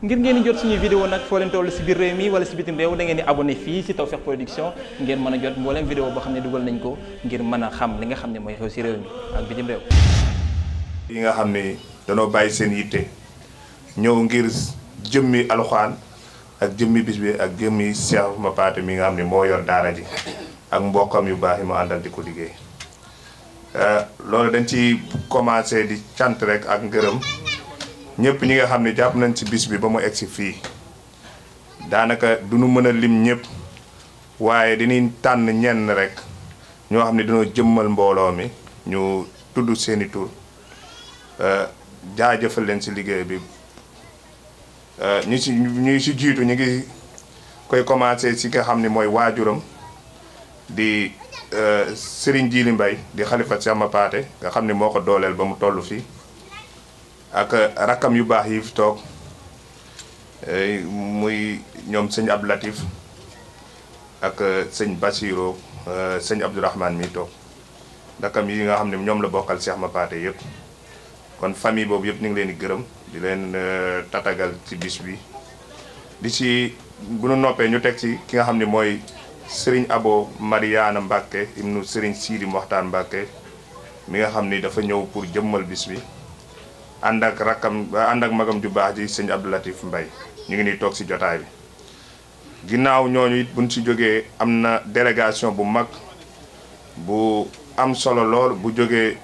ngir ngeen di jot suñuy vidéo nag foo leen toll si biir réew mi wala si bitim réew da ngeen di abonné fii si Tawfekh Production ngeen mën a jot mbooleem vidéo boo xam ne dugal nañ ko ngir mën a xam li nga xam ne mooy xew si réew ak bitim réew yi nga xam ne danoo bàyyi seen yitte ñëw ngir jëmmi alxaan ak jëmmi bi ak jëmmi Cheikh Mapaté mi nga xam ne moo yor daara ji ak mbokkam yu baax yi mu àndal di ko liggéey euh, loolu dañ ci commencé di cant rek ak ngërëm ñëpp ñi nga xam ne jàpp nañ ci bis bi ba mu egsi fii daanaka du ñu mën a lim ñëpp waaye dañuy tànn ñenn rek ñoo xam ne dañoo jëmmal mbooloo mi ñu tudd seeni tur euh, jaajëfal leen si liggéey bi euh, ñu ci ñu ci jiitu ñu ngi koy commencé si nga xam ne mooy waajuram di euh, Serigne Djily Mbaye di xalifa Samba Paate nga xam ne moo ko dooleel ba mu tollu fii ak rakkam yu baax yi fi toog eh, muy ñoom sëñ Abdou Latif ak eh, sëñ Basiro eh, sëñ Abdourahman mi toog rakkam yi nga xam ne ñoom la bokkal ma Mapaté yëpp kon famille boobu yëpp ñu ngi leen di gërëm di leen tatagal ci bis bi di ci bu nu noppee ñu teg ci ki nga xam ne mooy sëriñ Abo Mariana Mbacke ibnu sëriñ Sidi waxtaan Mbacke mi nga xam ni dafa ñëw pour jëmmal bis bi ànd ak rakkam ànd ak magam ju baax ji sëñ Abdou Latif Mbaye ñu ngi nii toog si jotaay bi ginnaaw ñooñu it buñ si jógee am na délégation bu mag bu am solo lool bu jógee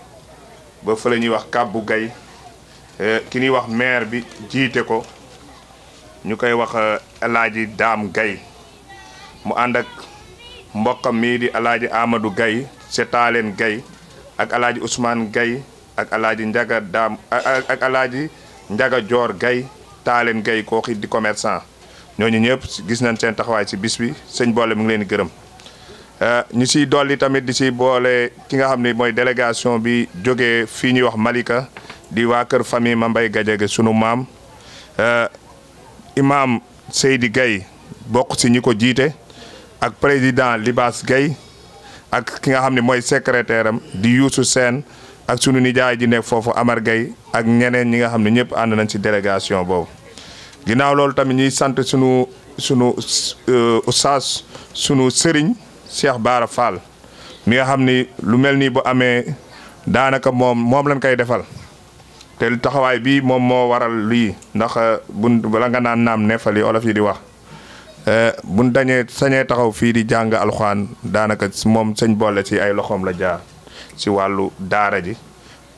ba fa la ñuy wax Kàbbu Gay eh, ki ñuy wax maire bi jiite ko ñu koy wax eh, alaaji Daam Gay mu ànd ak mbokkam mii di alaaji Amadou Gay Setaaleen Gay ak alaaji Ousmane Gay ak alaaji Njaga Daam ak alaaji Njaga Joor Gay Taaleen Gay kooku di commerçant ñooñu ñëpp gis nañ seen taxawaay ci bis bi sëñ boole mu ngi leen di gërëm euh, ñu siy dolli tamit di si boole ki nga xam ne mooy délégation bi jóge fii ñuy wax Malika di waa kër famille ma mbay Gadiaga sunu maam euh, imaam Seydi gay bokk si ñi ko jiite ak président Libaas Gaye ak ki nga xam ne mooy secrétaire am di yuusu seen ak sunu nijaay ji nekk foofu Amar ak ñeneen ñi nga xam ne ñëpp ànd nañ si délégation boobu ginnaaw loolu tamit ñuy sant sunu sunu euh, oustaz sunu sëriñ Cheikh Bara Fall mi nga xam ni lu mel nii bu amee daanaka moom moom lañ koy defal te taxawaay bii moom moo waral lii ndax euh, buñ bala nga naan naam neefal olof yi di wax euh, buñ dañee sañee taxaw fii di jàng alxuraan daanaka moom sëñ boole ci ay loxoom la jaar. si wàllu daara ji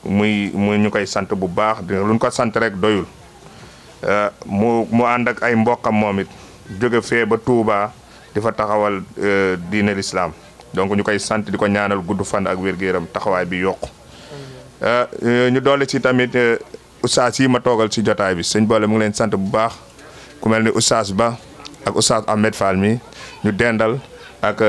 muy muy ñu koy sant bu baax di lu ñu ko sant rek doyul euh, mu mu ànd ak ay mboqam moom it jóge fee ba Touba di fa taxawal euh, diine lislaam donc ñu koy sant di ko ñaanal gudd fan ak wér-gu-yaram taxawaay bi yokku euh, ñu doole ci tamit ustaas yi ma toogal si jotaay bi sëñ boole mu ngi leen sant bu baax ku mel ni ustaas ba ak ustaas Ahmed Fall mi ñu dendal ak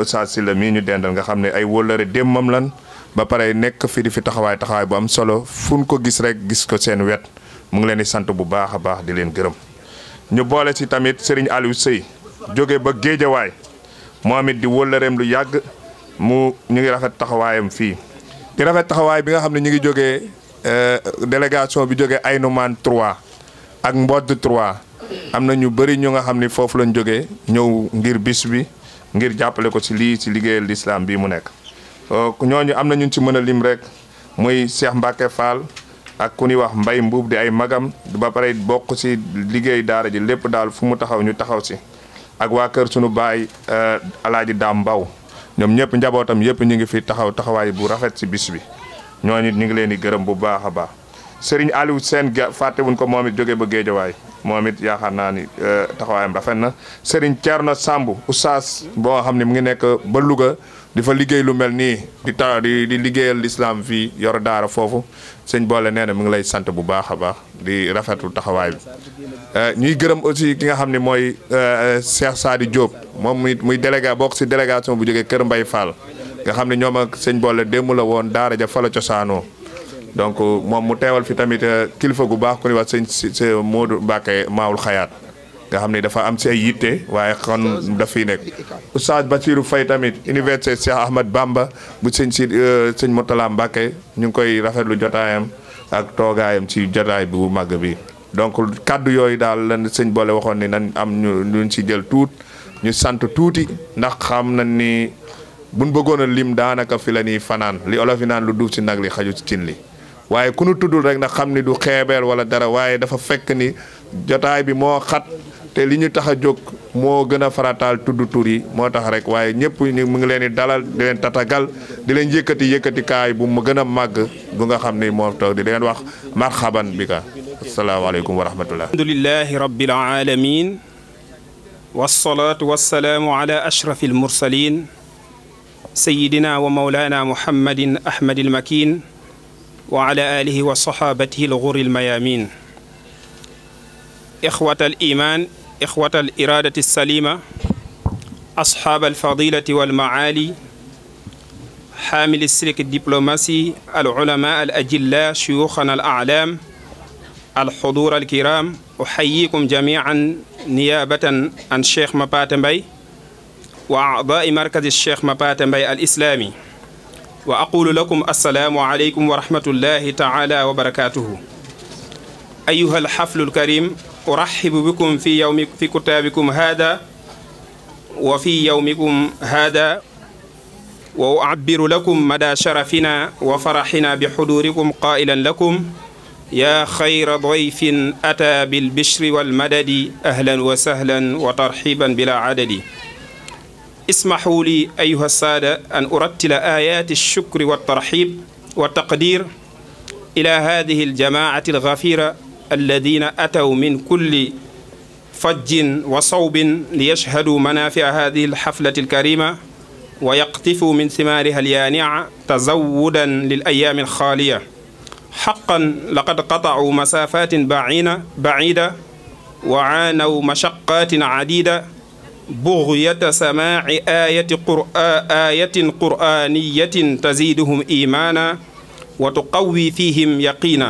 ustaas Silla mi ñu dendal nga xam ne ay wóllëre démmam lan ba pare nekk fi di fi taxawaay taxawaay bu am solo fun ko gis rek gis ko seen wet mu ngi leen di sant bu baax a baax di leen gërëm. ñu boole si tamit Serigne Aliou Seye jóge ba géejawaay moom it di wëllëreem lu yàgg mu ñu ngi rafet taxawaayam fii di rafet taxawaay bi nga xam ne ñu ngi jógee euh, délégation bi jógee Aynoumane 3 ak Mbod 3 am na ñu bëri ñu nga xam ni foofu lañ jóge ñëw ngir bis bi ngir jàppale ko ci lii ci liggéeyal lislaam bii mu nekk. Euh, ñooñu am na ñun ci mën a lim rek muy Cheikh Mbacke Fall ak ku ñuy wax mbay mbuub di ay magam ba pare bokk ci liggéey daara ji lépp daal fu mu taxaw ñu taxaw si ak waa kër sunu baay euh, alaaji daam mbaw ñoom ñëpp njabootam yëpp ñu ngi fi taxaw taxawaay bu rafet ci bis bi ñooñu ñu ngi leen di gërëm bu baax a baax Serigne Aliou seen ga fàttewuñ ko moom it jóge ba géejawaay moom it yaakaar naa ni euh, taxawaayam rafet na Serigne Thierno Samb oustaz boo xam ne mu ngi nekk ba Louga di fa liggéey lu mel nii di ta di di liggéeyal lislaam fii yor daara foofu sëñ boole nee na mu ngi lay sant bu baax a baax di rafetlu taxawaay bi. Euh, ñuy gërëm aussi ki nga xam ne mooy euh, Cheikh Sadi Diop moom muy muy délégué bokk si délégation bu jógee Kër Mbay Fall nga xam ne ñoom ak sëñ boole démb la woon daara ja fala cosaanoo donc moom mu teewal fi tamit euh, kilifa gu baax ku ñuy wax sëñ Modou Mbacke Maawul Xayaat. nga xam ne dafa am si ay yitte waaye kon daf fiy nekk Oustaz Bassirou Faye tamit université Cheikh Ahmad Bamba bu sëñ si euh, sëñ Moutala Mbacke ñu ngi koy rafetlu jotaayam ak toogaayam si jotaay bu màgg bi donc kàddu yooyu daal lan sëñ boole waxoon ni nañ am ñu si jël tuut ñu sant tuuti ndax xam nañ ni buñ bëggoon lim daanaka fi la ñuy fanaan li olof yi naan lu duuf si nag li xaju ci cin li waaye ku nu tuddul rek nag xam ni du xeebeel wala dara waaye dafa fekk ni te li ñu tax a jóg moo gën a farataal tudd tur moo tax rek waaye ñëpp mu ngi leen di dalal di leen tatagal di leen yëkkati yëkkati kaay bu mu gën a màgg bu nga xam ne moo toog di leen wax marxaban bi ka asalaamaaleykum wa rahmatullah alhamdulilahi rabbil alamin wasalaatu wasalaamu ala ashrafi almursalin sayidina wa maulana muhammadin ahmadi almakin wa ala alihi wa sahabatihi alguri almayamin ixwata aliman ixwata al iradati salima asxaab al fadilati wal maali xaamili sirik diplomasi al ulama al ajilla shuyuxana al aclaam al xuduur al kiraam uxayikum jamiican niyaabatan an cheikh Mapaté Mbaye wa acdaai markazi cheikh Mapaté Mbaye al islaami wa aqulu lakum assalaamu aleykum wa rahmatullahi taala wa barakaatuhu. ayuha al xaflu al kariim uraxibu bikum fi yawmi fi kitaabikum hada wa fi yawmikum hada wa ucabbiru lakum mada sharafina wa faraxina bi xuduurikum qaa'ilan lakum yaa xayra dayfin ataa bilbishri walmadadi ahlan wa sahlan wa tarxiban bila adadi ismaxuu li ayuha saada an urattila aayaati alshukri waltarxib wa taqdir ila hadihi aljamaacati algafira alladina ataw min kulli fajjin wa sawbin liyashhaduu manaafica hadihi alxaflati alkarima wa yaqtifuu min simaariha alyaanica tazawudan lil ayaami alxaaliya xaqan laqad qatacuu masaafatin baciina bacida wa caanaw mashaqaatin cadida bugyata samaaci aayati aayatin qur'aaniyatin taziiduhum iimaana wa tuqawwi fihim yaqiina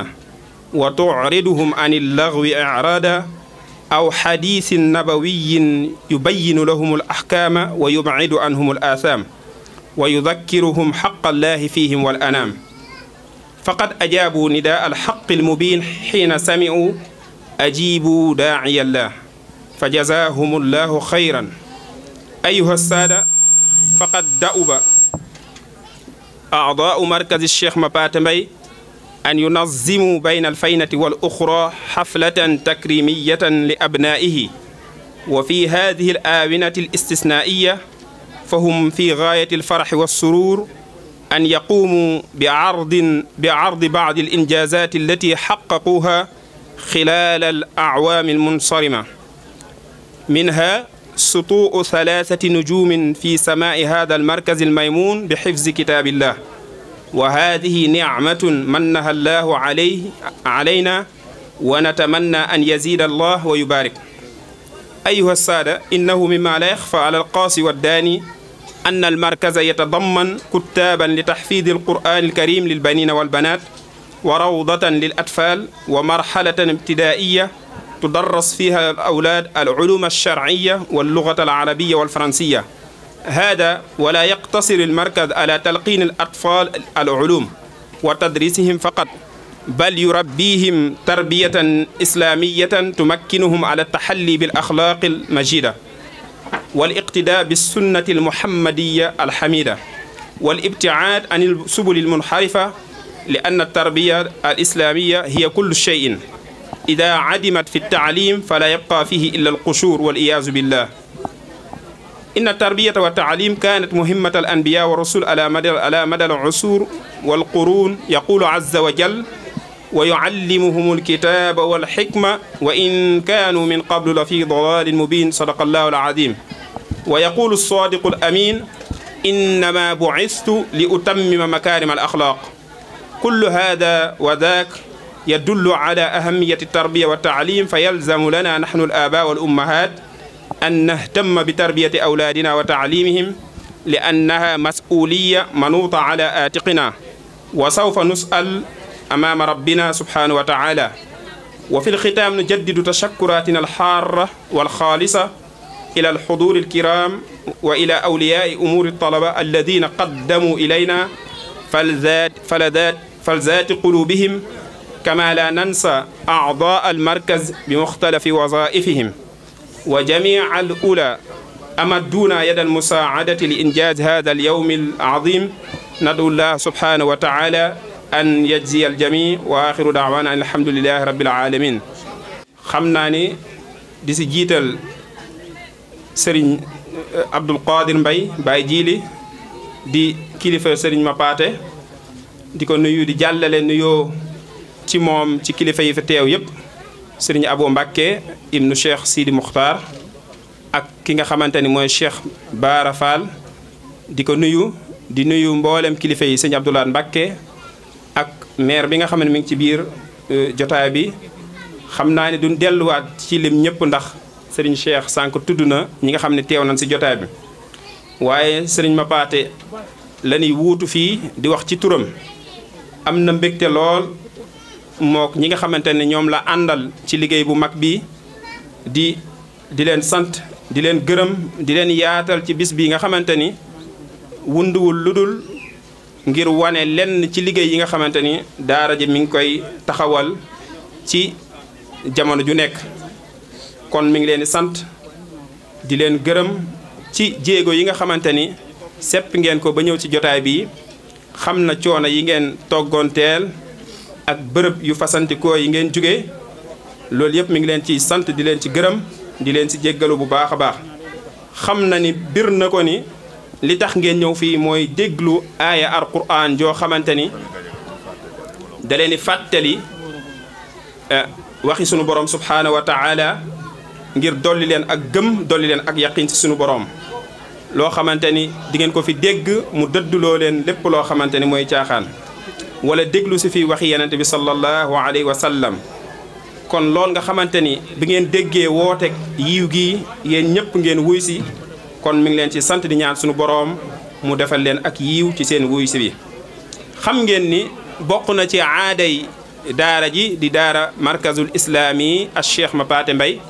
wa tucriduhum an illaghwi icraada aw xadiisin nabawiyin yubayinu lahum al axkaama wa yubcidu anhum al aathaam wa yudakkiruhum xaqa allahi fihim wal anaam faqad ajaabu nidaa alxaqi almubiin xiina samicuu ajiibu daaciya allah fa jazaahum allahu xayran ayuha saada faqad dauba acdaau markazi cheikh Mapate Mbaye an yunazimu bayna alfaynati wal uxra xaflatan takrimiyatan li abnaihi wa fi hadihi al aawinati al istisnaiya fa hum fi gaayati alfaraxi walsurur an yaquumu bi ardin bi ardi baadi al injaazaati allati xaqaquuha xilaal al acwaami almunsarima minha sutu'u talaatati nujuumin fi samaai hada almarkaz almaymuun bi xifzi kitaabillah wa haadihi nicmatun mannaha allahu alay alayna wa natamanna an yazida allah wa yubaarik أيها السادة إنه مما لا يخفى على القاصي والداني أن المركز يتضمن كتابا لتحفيظ القرآن الكريم للبنين والبنات وروضة للأطفال ومرحلة ابتدائية تدرس فيها الأولاد العلوم الشرعية واللغة العربية والفرنسية هذا ولا يقتصر المركز على تلقين الأطفال العلوم وتدريسهم فقط بل يربيهم تربية إسلامية تمكنهم على التحلي بالأخلاق المجيدة والاقتداء بالسنة المحمدية الحميدة والابتعاد عن السبل المنحرفة لأن التربية الإسلامية هي كل شيء إذا عدمت في التعليم فلا يبقى فيه إلا القشور والإياذ بالله inna tarbiyata wa taalim kanat muhimmata al anbiya wa rusul ala madal ala madal usur wal qurun yaqulu azza wa jal wa yuallimuhum alkitaba wal xikma wa in kanu min qablu la fi dalalin mubin sadaqa allahu alazim wa yaqulu alsadiqu alamin innama bu'istu li utammima makarim al axlaq kullu hada wa dak yadullu ala ahamiyati tarbiya wa taalim fa yalzamu lana nahnu al aba wal ummahat an nahtamma bi tarbiyati awlaadina wa taalimihim li annaha masuuliya manuuta ala aatiqina wa sawfa nusal amaama rabbina subhanahu wa taala wa fi lxitaam nujaddidu tashakkuratina alxaara walxaalisa ila alxuduuri alkiram wa ila awliyaai umuuri altalaba alladina qaddamuu ilayna faladaat falzaati quluubihim kama la nansa acdaa almarkaz bi muxtalafi wazaifihim waa jamia al ula amadduuna yada almusaadati li injaz hada alyawmi alazim nadu wa taala an yajziya aljami wa axiru daawana an alhamdulilahi rabbil alamin xam naa ni di si jiital sëriñ eh, Abdul Qadir Mbay Baay di kilifa sëriñ Mapaate di ko nuyu di jàllale nuyoo ci moom ci kilifa yi fi teew yëpp sëriñ Abo Mbacke ibnu cheikh Sidi Muxtaar ak ki nga xamante ni mooy cheikh Baara di ko nuyu di nuyu mboolem kilifa yi sëñ Abdoulaye Mbacke ak maire bi nga xam ne mi ngi ci biir euh, jotaay bi xam naa ne duñ delluwaat ci lim ñëpp ndax sëriñ cheikh sànq tudd na ñi nga xam ne teew nañ si jotaay bi waaye sëriñ Mapaate la ñuy wuutu fii di wax ci turam am na mbégte lool. mook ñi nga xamante ni ñoom la àndal ci liggéey bu mag bi di di leen sant di leen gërëm di leen yaatal ci bis bi nga xamante ni wunduwul lu dul ngir wane lenn ci liggéey yi nga xamante ni daara ji mi ngi koy taxawal ci jamono ju nekk kon mi ngi leen sant di leen gërëm ci jéego yi nga xamante ni sepp ngeen ko ba ñëw ci jotaay bi xam na coono yi ngeen toggoon ak bërëb yu fasantikoo yi ngeen jóge loolu yëpp mi ngi leen ciy sant di leen ci gërëm di leen ci jéggalu bu baax a baax xam na ni bir na ko ni li tax ngeen ñëw fii mooy déglu aaya alquran joo xamante ni da leen di fàttali eh, waxi sunu borom subhaana wa ngir dolli leen ak gëm dolli leen ak yaqin ci sunu boroom loo xamante ni di ngeen ko fi dégg mu dëdduloo leen lépp loo xamante ni mooy caaxaan. wala déglu si fi waxi yenente bi sallallahu alayhi wa sallam kon loolu nga xamante ni bi ngeen déggee wooteeg yiw gi yéen ñëpp ngeen wuy si kon mi ngi leen ci sant di ñaan suñu boroom mu defal leen ak yiw ci seen wuy bi xam ngeen ni bokk na ci aaday daara ji di daara markazul islaami ak cheikh Mapaté mbay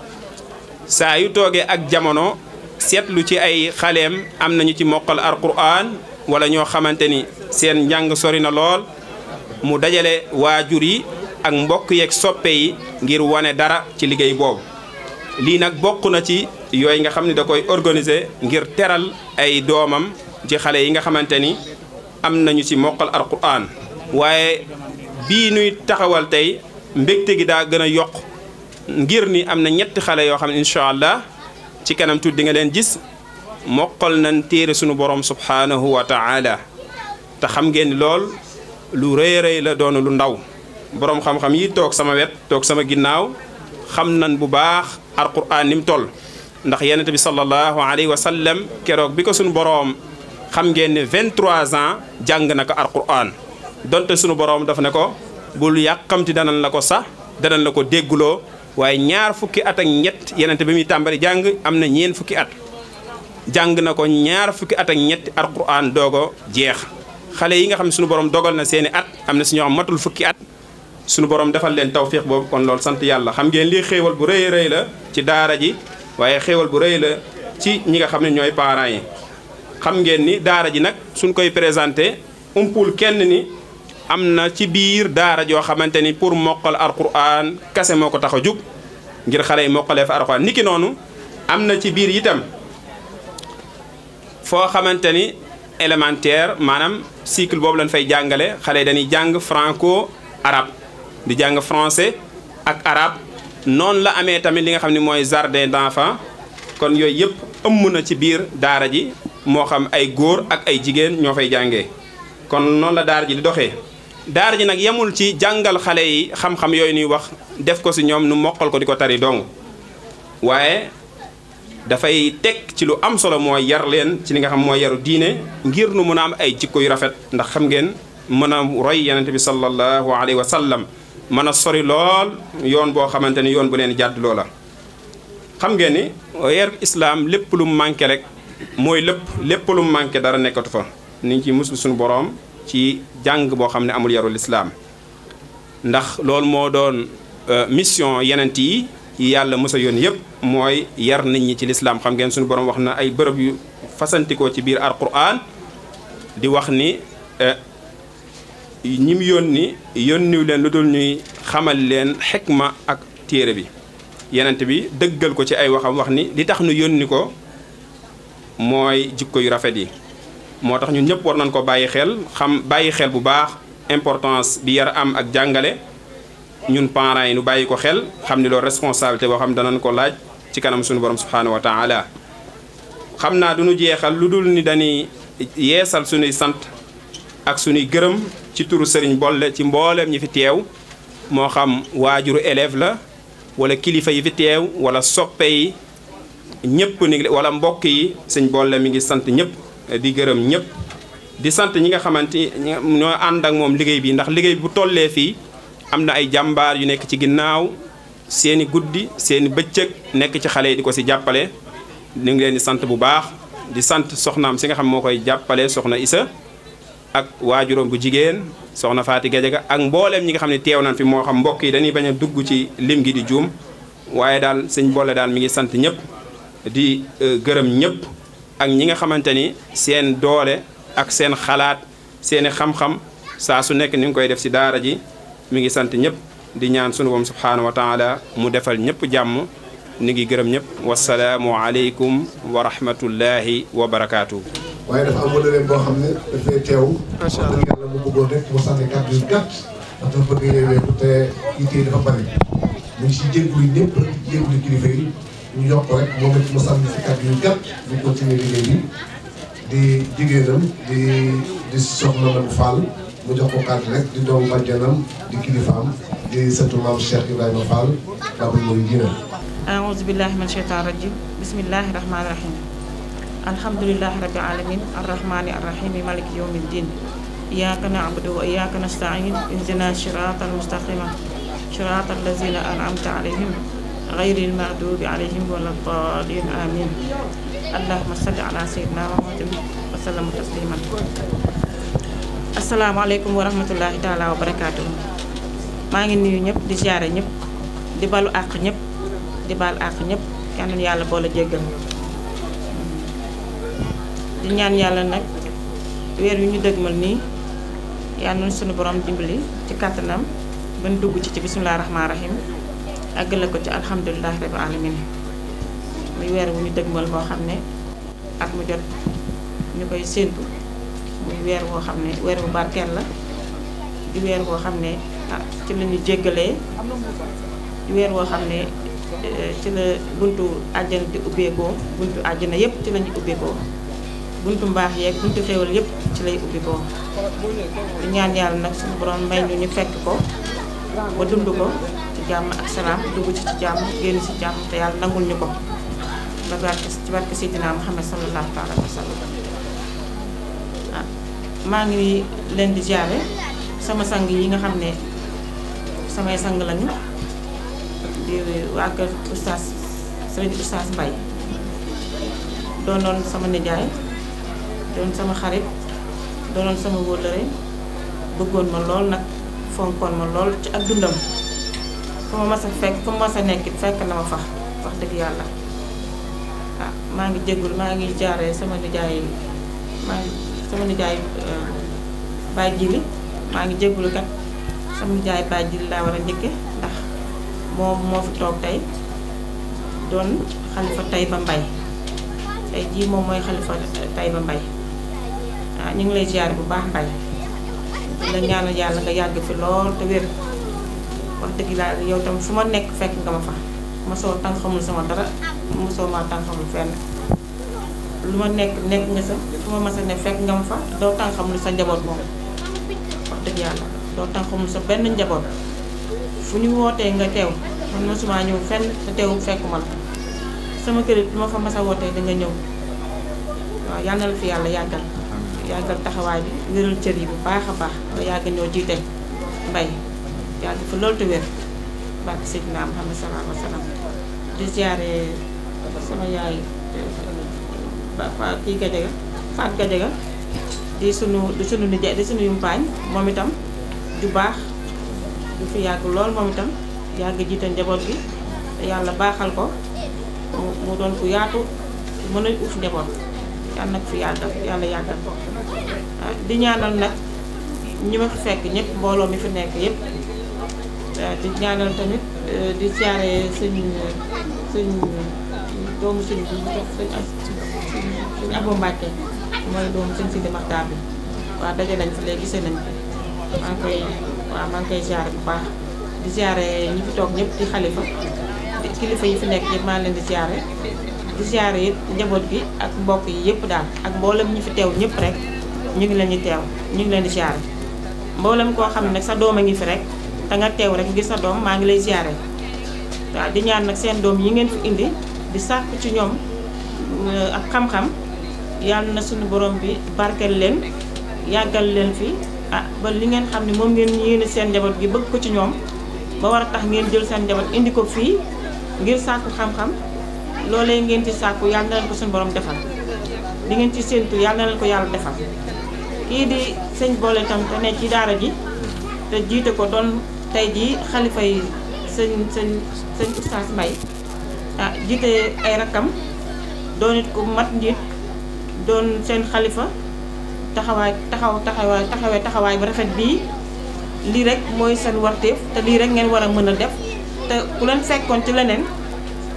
saa yu toogee ak jamono seetlu ci ay xaleem am nañu ci mokkal alquran wala ñoo xamante ni seen njàng sori na lool mu dajale waajur yi ak mbokk yeeg soppe yi ngir wane dara ci liggéey boobu lii nag bokk na ci yooyu nga xam ne da koy organise ngir teral ay doomam ci xale yi nga xamante ni am nañu ci mokkal alquran waaye bii nuy taxawal tey mbégte gi daa gën a yokk ngir ni am na ñetti xale yoo xam ne incha allah ci kanam tuuti di nga leen gis mokkal nañ téere sunu borom subhanahu wa taala te xam ngeen lool lu rëy rëy la doon lu ndaw boroom xam-xam yi toog sama wet toog sama ginnaaw xam nan bu baax alquran ni mu toll ndax yonent bi sallallahu alayhi wa sallam keroog bi ko suñu boroom xam ngeen ne 23 ans jàng na ko alquran donte suñu boroom daf ne ko bul yàqamti danan la ko sax danan la ko dégguloo waaye ñaar fukki at ak ñett yonent bi muy tàmbali jàng am na ñeent fukki at jàng na ko ñaar fukki at ak ñetti alquran doogo jeex xale yi nga xam ne suñu borom dogal na seeni at am na si ñoo xam matul fukki at suñu borom defal leen tawféex boobu kon loolu sant yàlla xam ngeen lii xéewal bu rëy rëy la ci daara ji waaye xéewal bu rëy la ci ñi nga xam ne ñooy parents yi xam ngeen ni daara ji nag suñ koy présenté umpul kenn ni am na ci biir daara joo xamante ni pour mokkal alquran kase moo ko tax a jug ngir xale yi mokkalee fa alquran niki noonu am na ci biir itam foo xamante élémentaire maanaam cycle boobu lañ fay jàngale xale yi dañuy jàng franco arab di jàng français ak arab noonu la amee tamit li nga xam ni mooy jardin d'enfants kon yooyu yëpp ëmm na ci biir daara ji moo xam ay góor ak ay jigéen ñoo fay jàngee kon noonu la daara ji di doxee daara ji nag yamul ci jàngal xale yi xam-xam yooyu nuy wax def ko si ñoom nu mokkal ko di ko tari dong waaye dafay teg ci lu am solo mooy yar leen ci li nga xam mooy yaru diine ngir nu mën a am ay jikko yu rafet ndax xam ngeen mën a roy yonent bi sallallahu alayhi wa sallam mën a sori lool yoon boo xamante ni yoon bu leen jàdd loola. xam ngeen ni yar islaam lépp lu mu manqué rek mooy lépp lépp lu mu manqué dara nekkatu fa ni ci muslu suñu boroom ci jàng boo xam ne amul yarul islaam ndax loolu moo doon euh, mission yenent yi yàlla mos a yoon yëpp mooy yar nit ñi ci lislaam xam ngeen suñu borom wax na ay bërëb yu fasantikoo ci biir alquran di wax ni eh, ñi mu yónni yónniw leen lu dul ñuy xamal leen xikma ak téere bi yenent bi dëggal ko ci ay waxam wax ni li tax nu yónni ko mooy jikko yu rafet yi moo tax ñu ñëpp war nañ ko bàyyi xel xam bàyyi xel bu baax importance bi yar am ak jàngale ñun parents yi nu bàyyi ko xel xam ni loolu responsabilité boo xam ne danañ ko laaj ci kanam suñu borom subhaanahu wa taala xam naa duñu jeexal lu dul ni dañuy yeesal suñuy sant ak suñuy gërëm ci turu sëriñ Bolle ci mbooleem ñi fi teew moo xam waajuru élève la wala kilifa yi fi teew wala soppe yi ñëpp ni wala mbokk yi sëñ Bolle mi ngi sant ñëpp di gërëm ñëpp di sant ñi nga xamante ñoo ànd ak moom liggéey bii ndax liggéey bu tollee fii am na ay jàmbaar yu nekk ci ginnaaw seeni guddi seeni bëccëg nekk ci xale yi di ko si jàppale ñu ngi leen di sant bu baax di sant soxnaam si nga xam moo koy jàppale soxna Isa ak waajuróom bu jigéen soxna Faati Gajaga ak mbooleem ñi nga xam ne teew nañ fi moo xam mbokk yi dañuy bañ a dugg ci lim gi di juum waaye daal sëñ boole daal mu ngi sant ñëpp di euh, gërëm ñëpp ak ñi nga xamante ni seen doole ak seen xalaat seeni xam-xam saa su nekk ni ngi koy def si daara ji mu ngi sant ñëpp di ñaan sunu boom subhaanahu wa mu defal ñëpp jàmm ni ngi gërëm ñëpp wasalaamu aleykum wa rahmatullahi wa barakaatu. waaye dafa am wëllëreem boo xam ne dafay teew. macha allah wax dëgg yàlla mu bëggoon rek mu sànni kàddu yu te kilifa yi ñu yokk rek moom it mu sànni si kàddu yu gàtt ñu continuer liggéey di jigéenam di di soxna Fall. mu jox ko kàddu rek di doomu bàjjanam di kilifaam di sëtu maam Cheikh Ibrahima Fall Babul Mouridina. aouzu billahi min shaytaan rajim bismillahi rahmaani rahim alhamdulilahi rabi alamin arrahmani arrahimi maliki yawmi ddin iyyaka na'budu wa iyyaka nasta'in ihdina siraatal mustaqima siraatal lazina an'amta alayhim غير المغضوب عليهم ولا الضالين آمين اللهم صل على سيدنا محمد وسلم تسليما asalaamaaleykum wa rahmatullahi taala wa barakaatu maa ngi nuyu ñëpp di jaare ñëpp di balu àq ñëpp di baal àq ñëpp yal yàlla boole jéggal di ñaan yàlla nag weer yu ñu dëgmal nii yal na suñu borom dimbali ci kàttanam ban dugg ci ci bisimilah rahmaani rahim àggale ko ci alhamdulilah rabi alamin muy weer wu ñu dëgmal boo xam ne at mu jot ñu koy séentu. muy weer woo xam ne weer bu barkeel la di weer woo xam ne ah, ci lañuy ñu jéggalee di weer woo xam ne eh, ci la buntu àjjana di ubbeekoo buntu àjjana yépp ci la ñu ubbeekoo buntu mbaax yeeg buntu xéwal yépp ci lay ubbikoo di ñaan yàlla nag suñu borom may ñu ñu fekk ko ba dund ko ci jàmm ak salaam dugg ci ci jàmm génn ci jàmm te yàlla nangul ñu ko ba barke ci barke Seydina xam sallallahu taala wa sallam maa ngi leen di jaare sama sang yi nga xam ne samay sang lañu di waa kër oustaz sëriñ oustaz Mbaye doonoon sama nijaay doon sama xarit doonoon sama wóllëre bëggoon ma lool nag fonkoon ma lool ci ak dundam fu ma mas a fekk fu ma mas a nekkit fekk na ma fa wax dëgg yàlla ah maa ngi jéggul maa ngi jaare sama nijaay maa ngi sama nijaay euh, Baye Djili maa ngi jégalu kat sama nijaay Baye Djili laa war a njëkke ndax moom moo fi toog tey doon xalifa Taïba mbay tey jii moom mooy xalifa euh, Taïba mbay waaw ah, ñu ngi lay ziar bu baax Mbaye la ñaanal yàlla nga yàgg fi lool te wér wax dëgg daal yow tam fu ma nekk fekk nga ma fa mosoo tànn xamul sama dara mosoo maa tànn xamul fenn lu ma nekk nekk nga sa fu ma mas a ne fekk ngam fa doo tànqam lu sa njaboot moom wax dëgg yàlla doo tànqam lu sa benn njaboot fu ñu wootee nga teew man mosuma ñëw fenn te teewul fekkuma la sama kër it ma fa mas a wootee da nga ñëw waaw na fi yàlla yàggal yàggal taxawaay bi wéral cër yi bu baax a baax nga yàgg ñoo jiite mbay yàgg fa loolu te wér barke Seydina Muhammad sallallahu alayhi wa sallam di sama yaay fa kii Gadiaga Faat Gadiaga di sunu di sunu nijaay di sunu yumpaañ moom itam ju baax du fi yàgg lool moom itam yàgg jiita njaboot bi yàlla baaxal ko mu mu doon ku yaatu mën a uuf njaboot yàlla nag fi yàggal yàlla yàggal ah, di ñaanal nag ñi ma fi fekk ñëpp mbooloo mi fi nekk yëpp ah, di ñaanal tamit eh, di siyaare sëñ sëñ doomu sëñ bi sëñ as suñu Abo Mbàkke mooy doom sëñ Sidi Maxtaar bi waaw daje nañ fi léegi gisee nañ maa ngi koy waaw maa ngi koy ziare bu baax di ziare ñi fi toog ñëpp di xalifa di kilifa yi fi nekk yëpp maa ngi leen di ziare di ziare yëpp njaboot bi ak mbokk yi yëpp daal ak mboolem ñi fi teew ñëpp rek ñu ngi leen di teew ñu ngi leen di ziare mboolem koo xam ne nag sa doom a ngi fi rek da nga teew rek ngir sa doom maa ngi lay ziare waaw di ñaan nag seen doom yi ngeen fi indi di sàkk ci ñoom euh, ak xam-xam yàlla na suñu borom bi barkeel leen yàggal leen fi ah, ba li ngeen xam ne moom ngeen yéene seen njaboot gi bëgg ko ci ñoom ba war a tax ngeen jël seen njaboot indi ko fii ngir sàkku xam-xam loolee ngeen ci sàkku yàlla na leen ko suñu borom defal li ngeen ci séentu yàlla na ko yàlla defal kii di sëñ boole itam te ne ci daara ji te jiite ko doon tey jii xalifa yi sëñ sëñ sëñ oustaz Mbaye ah, jiite ay rakkam doon it ko mat njiit doon seen xalifa taxawaay taxaw taxawaay taxawee taxawaay bu rafet bii lii rekk mooy seen warteef te lii rek ngeen war a mën a def te ku leen fekkoon ci leneen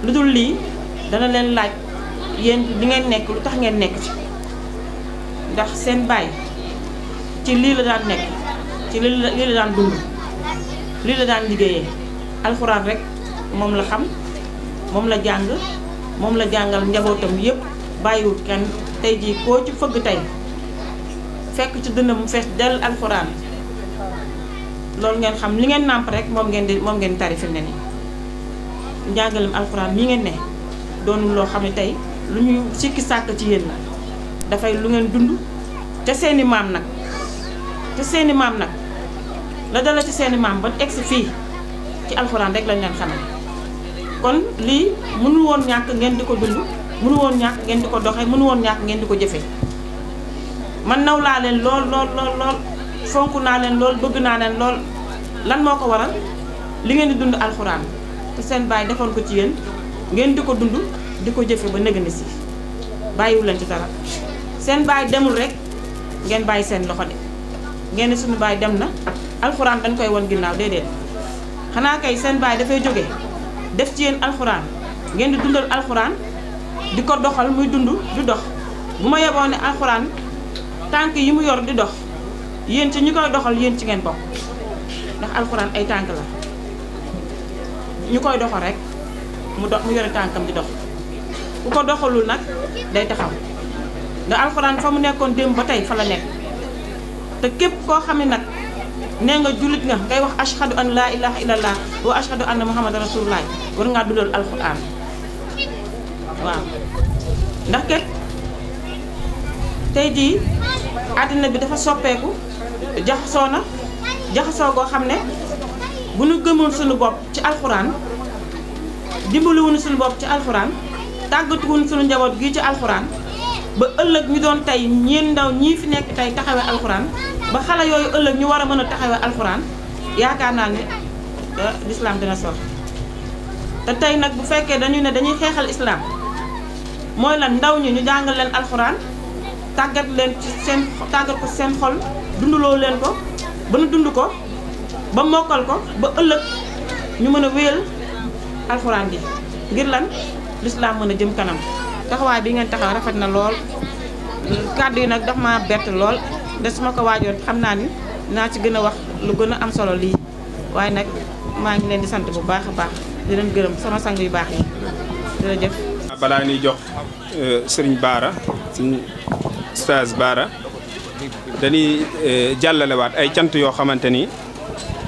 lu dul lii dana leen laaj yéen li ngeen nekk lu tax ngeen nekk ci ndax seen baay ci lii la daan nekk ci lii la lii la daan dund lii la daan liggéeyee alxuraan rekk moom la xam moom la jàng moom la jàngal njabootam yépp bàyyiwul kenn tey jii koo ci fëgg tey fekk ci dënn mu fees dell alxuraan loolu ngeen xam li ngeen nàmp rek moom ngeen di moom ngeen di tari fi mu ne nii njàngalem alxuraan mi ngeen ne doonul loo xam ne tey lu ñuy sikki sàkk ci yéen dafay lu ngeen dund te seeni maam nag te seeni maam nag la dala ci seeni maam ba egsi fii ci alxuraan rek lañ leen xamal kon lii mënul woon ñàkk ngeen di ko dund mënu woon ñàkk ngeen di ko doxee mënu woon ñàkk ngeen di ko jëfee man naw laa leen lool lool lool lool fonk naa leen lool bëgg naa leen lool lan moo ko waral li ngeen di dund alxuraan te seen bàyyi defoon ko ci yéen ngeen di ko dund di ko jëfe ba nëgëni si bàyyiwu leen ci dara seen bàyyi demul rek ngeen bàyyi seen loxo de ngeen suñu bàyyi dem na alxuraan dañ koy won ginnaaw déedéet xanaa kay seen bàyyi dafay jóge def ci yéen alxuraan ngeen di dundal alxuraan di ko doxal muy dund du dox bu ma yeboo ne alxuraan tànk yi mu yor di dox yéen ci ñi koy doxal yéen ci ngeen bokk ndax alxuraan ay tànk la ñu koy doxal rek mu dox mu yore tànkam di dox ku ko doxalul nag day taxaw ndax alxuraan fa mu nekkoon démb ba tey fa la nekk te képp koo xam ne nag nee nga jullit nga ngay wax ashhadu an laa ilaha illallah wa ashhadu anna muhammadan rasulullah war ngaa dundal alxuraan waaw ndax kat tey jii àddina bi dafa soppeeku jaxasoo na jaxasoo goo xam ne bu nu gëmoon sunu bopp ci alxuraan dimbaliwuñu suñu bopp ci alxuraan tàggatuwuñu sunu njaboot gi ci alxuraan ba ëllëg ñu doon tey ñeen ndaw ñii fi nekk tey taxawee alxuraan ba xale yooyu ëllëg ñu war a mën a taxawee alxuraan yaakaar naa ne eh, lislaam dina sox te tey nag bu fekkee dañuy ne dañuy xeexal islaam mooy lan ndaw ñi ñu jàngal leen alxuraan tàggat leen ci seen tàggat ko seen xol dunduloo leen ko ba nu dund ko ba mokkal ko ba ëllëg ñu mën a wéyal alxuraan gi ngir lan lislaam mën a jëm kanam taxawaay bi ngeen taxaw rafet na lool kàddu yi nag daf ma bett lool de su ma ko waajoo xam naa ni naa ci gën a wax lu gën a am solo lii waaye nag maa ngi leen di sant bu baax a baax di leen gërëm sama sang yu baax yi jëf balaa ñuy jox euh, sëriñ Baara sëriñ Stas Baara dañuy euh, jàllalewaat ay cant yoo xamante ni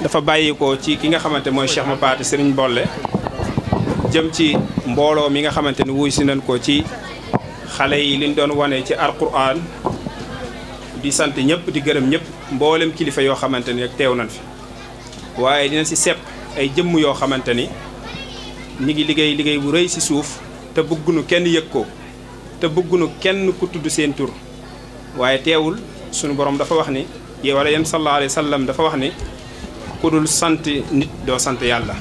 dafa bàyyikoo ci ki nga xamante mooy Cheikh Mapaté sëriñ boole jëm ci mbooloo mi nga xamante ni wuy si nañ ko ci xale yi liñ doon wane ci alquran di sant ñëpp di gërëm ñëpp mboolem kilifa yoo xamante ni rek teew nañ fi waaye dina si sepp ay jëmm yoo xamante ni ñu ngi liggéey liggéey bu rëy si suuf te bëggunu kenn yëg ko te bëggunu kenn ku tudd seen tur waaye teewul sunu borom dafa wax ni yow wala yéen sallallahu alayhi dafa wax ni ku dul sant nit doo sant yàlla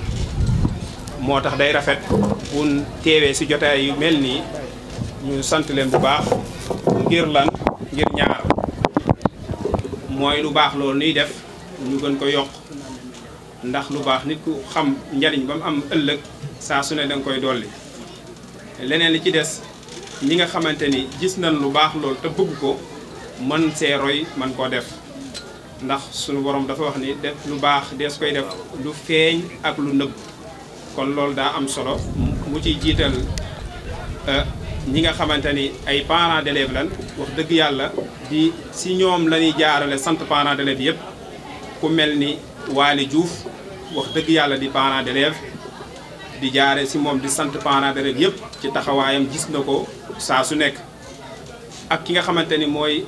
moo tax day rafet bu teewee si jotaay yu mel nii ñu sant leen bu baax ngir lan ngir ñaar mooy lu baax loolu nuy def ñu gën ko yokk ndax lu baax nit ku xam njariñ ba am ëllëg saa su ne danga koy dolli leneen li ci des ñi nga xamante ni gis nañ lu baax lool te bëgg ko mën see roy mën koo def ndax suñu borom dafa wax ni def lu baax des koy def lu feeñ ak lu nëbb kon loolu daa am solo mu ci jiital euh, ñi nga xamante ni ay parents d'élèves lan wax dëgg yàlla di si ñoom la ñuy jaarale sant parents d'élèves yëpp ku mel ni Waly Diouf wax dëgg yàlla di parent d'élèves di jaare si moom di sant parents d'élèves yëpp ci taxawaayam gis na ko saa su nekk ak ki nga xamante ni mooy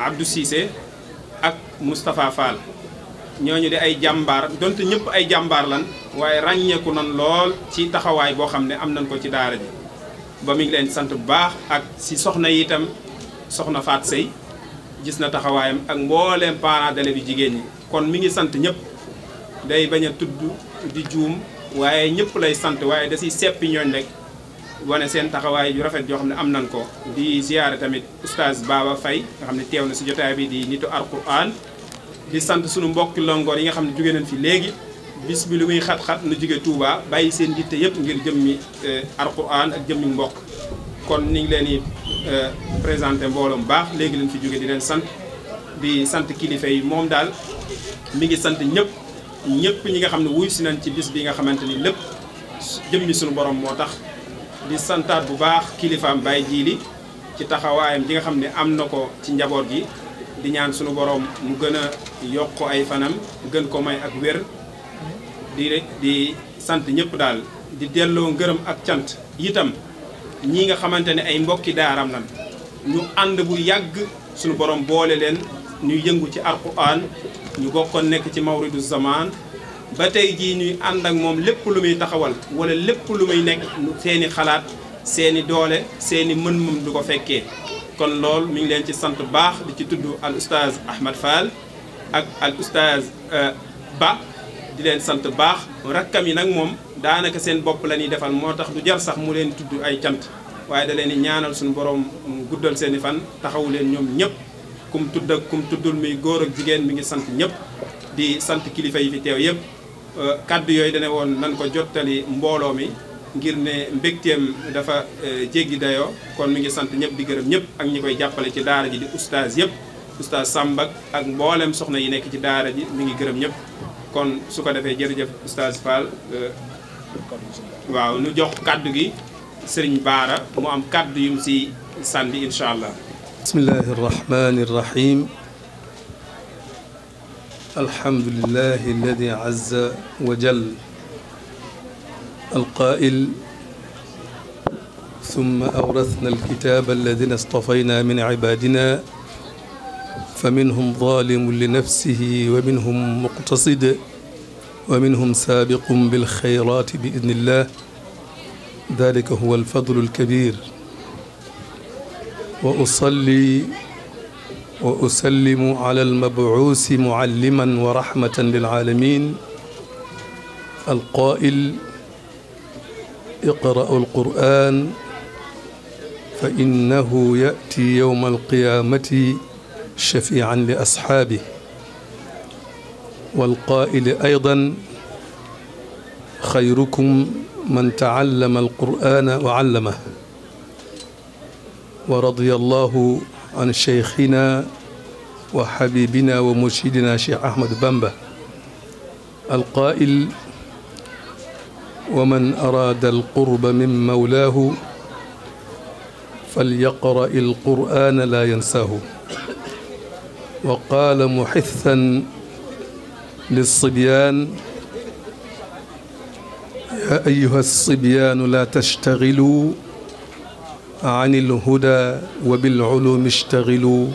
Abdou Cissé ak Moustapha ñoo ñu di ay jàmbaar donte ñëpp ay jàmbaar lan waaye ràññeeku nan lool ci taxawaay boo xam ne am nañ ko ci daara ji ba mu ngi leen sant bu baax ak si soxna yi itam soxna Faat Sey gis na taxawaayam ak mbooleem parents d'élèves bi jigéen ñi kon mu ngi sant ñëpp day bañ tudd di juum waaye ñëpp lay sant waaye da siy seppi ñooñ rek wane seen taxawaay yu rafet joo xam ne am nan ko di ziyaare tamit oustaz Baba fay nga xam ne teew na si jotaay bii di nitu alquran di sant suñu mbokki longoor yi nga xam ne jóge nañ fi léegi bis bi lu muy xat-xat nu jóge Touba bàyyi seen yitte yëpp ngir jëmmi eh, alquran ak jëmmi mbokk kon ni leen di eh, présenté mbooloo mu baax léegi leen fi jóge di leen sant bi sant kilifa yi moom daal mi ngi sant ñëpp ñëpp ñi nga xam ne wuy nañ ci bis bi nga xamante ni lépp jëmmi suñu boroom moo tax di santaat bu baax kilifaam Baye Djily ci taxawaayam ji nga xam ne am na ko ci njaboot gi di ñaan suñu boroom mu gën a yokk ay fanam gën ko may ak wér di di sant ñëpp daal di delloo ngërëm ak cant itam ñi nga xamante ne ay mbokki daaram lan ñu ànd bu yàgg suñu borom boole leen ñu yëngu ci alxuraan ñu bokkoon nekk ci mawridu zaman ba tey jii ñuy ànd ak moom lépp lu muy taxawal wala lépp lu muy nekk seeni xalaat seeni doole seeni mën-mën du ko fekkee kon lool mu ngi leen ci sant baax di ci tudd al oustaz Ahmad Fall ak al oustaz euh, Ba di leen sant baax rakkam yi nag moom daanaka seen bopp la ñuy defal moo tax du jar sax mu leen tudd ay cant waaye da leen di ñaanal suñu borom mu guddal seeni fan taxawu leen ñoom ñëpp. kum tudd ak kum tuddul muy góor ak jigéen mi ngi sant ñëpp di sant kilifa yi fi teew yëpp euh, kàddu yooyu dane woon nan ko jottali mbooloo mi ngir ne mbégteem dafa euh, jéggi dayoo kon mu ngi sant ñëpp di gërëm ñëpp ak ñu koy jàppale ci daara ji di oustaz yëpp oustaz Samba ak mbooleem soxna yi nekk ci daara ji mi ngi gërëm ñëpp kon su ko defee jërëjëf oustaz Fall euh, waaw nu jox kàddu gi sëriñ Baara mu am kàddu yu si sànni incha allah bismillahi irrahmani irrahim alhamdulilahi alladi azza wa jal alqaa'il ثم أورثنا الكتاب الذين اصطفينا من عبادنا فمنهم ظالم لنفسه ومنهم مقتصد ومنهم سابق بالخيرات بإذن الله ذلك هو الفضل الكبير wa usalli wa usallimu ala almabuusi mualliman wa rahmatan lilaalamin alqaail iqra'u alquran fa innahu ya'ti yawma alqiyaamati shafii'an li ashaabihi walqaaili aydan xayrukum man ta'allama alqur'ana wa 'allamahu wa radiyallahu an cheikhina wa xabibina wa murshidina cheikh ahmadu bamba alqaa'il wa man araada alqurba min mawlaahu falyaqra'i alqur'aana laa yansaahu wa qaala muhithan للصبيان يا أيها الصبيان لا تشتغلوا عن الهدى وبالعلوم اشتغلوا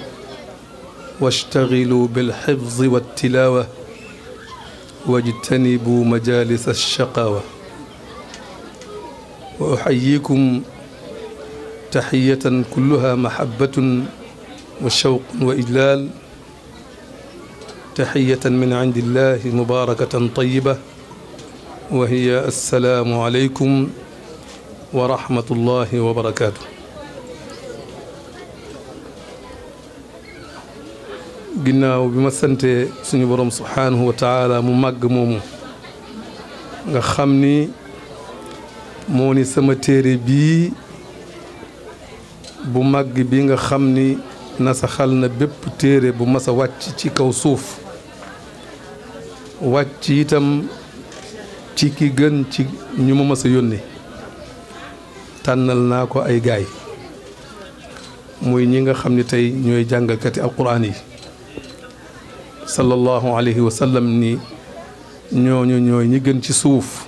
واشتغلوا بالحفظ والتلاوة واجتنبوا مجالس الشقاوة وأحييكم تحية كلها محبة وشوق وإجلال تحية من عند الله مباركة طيبة وهي السلام عليكم ورحمة الله وبركاته ginnaaw bi ma sante suñu borom subhaanahu wa taala mu màgg moomu nga xam ni moo ni sama téere bii bu màgg bi nga xam ni nasaxal na bépp téere bu mas a wàcc ci kaw suuf wàcc itam ci ki gën ci ñu ma mas a yónni tànnal naa ko ay gaay mooy ñi nga xam ni tey ñooy jàngalkati alquraan yi sallallahu alayhi wa sallam ni ñooñu ñooy ñi gën ci suuf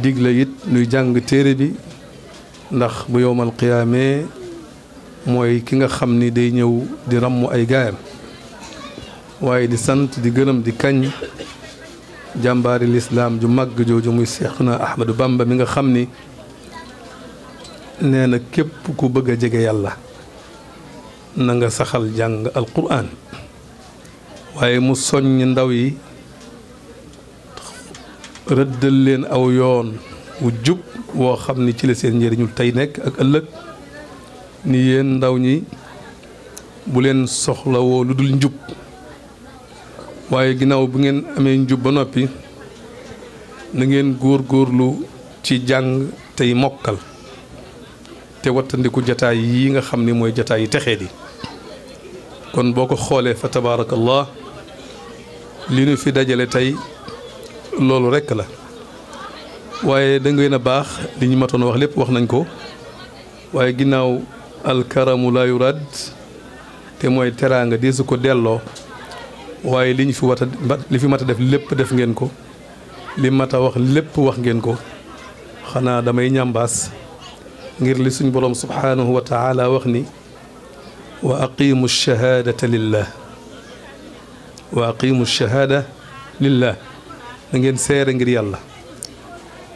digle it luy jàng téere bi ndax bu yowmal qiyaamee mooy ki nga xam ni day ñëw di ràmm ay gaayam waaye di sant di gërëm di kañ jàmbaari lislaam ju màgg jooju muy na Ahmadu Bamba mi nga xam ni nee na képp ku bëgg a jege yàlla na nga saxal jàng alquraan waaye mu soññ ndaw yi rëddal leen aw yoon wu jub woo xam ni ci la seen njëriñul tey nekk ak ëllëg ni yéen ndaw ñi bu leen soxlawoo lu dul njub waaye ginnaaw bi ngeen amee njub ba noppi na ngeen góor góorlu ci jàng tey mokkal te wattandiku jataay yi nga xam ni mooy jataay yi texee di kon boo ko xoolee fa tabaarakallah li ñu fi dajale tey loolu rekk la waaye da ngeen a baax li ñu matoon wax lépp wax nañ ko waaye ginnaaw alkaramu la yurad te mooy teraanga di su ko delloo waaye li ñu fi wat li fi mat def lépp def ngeen ko li mat a wax lépp wax ngeen ko xanaa damay ñàmbaas ngir li suñ borom subhanahu wa taala wax ni wa aqimu shahaadata lillah wa aqimu shahaada lillah da seere ngir yàlla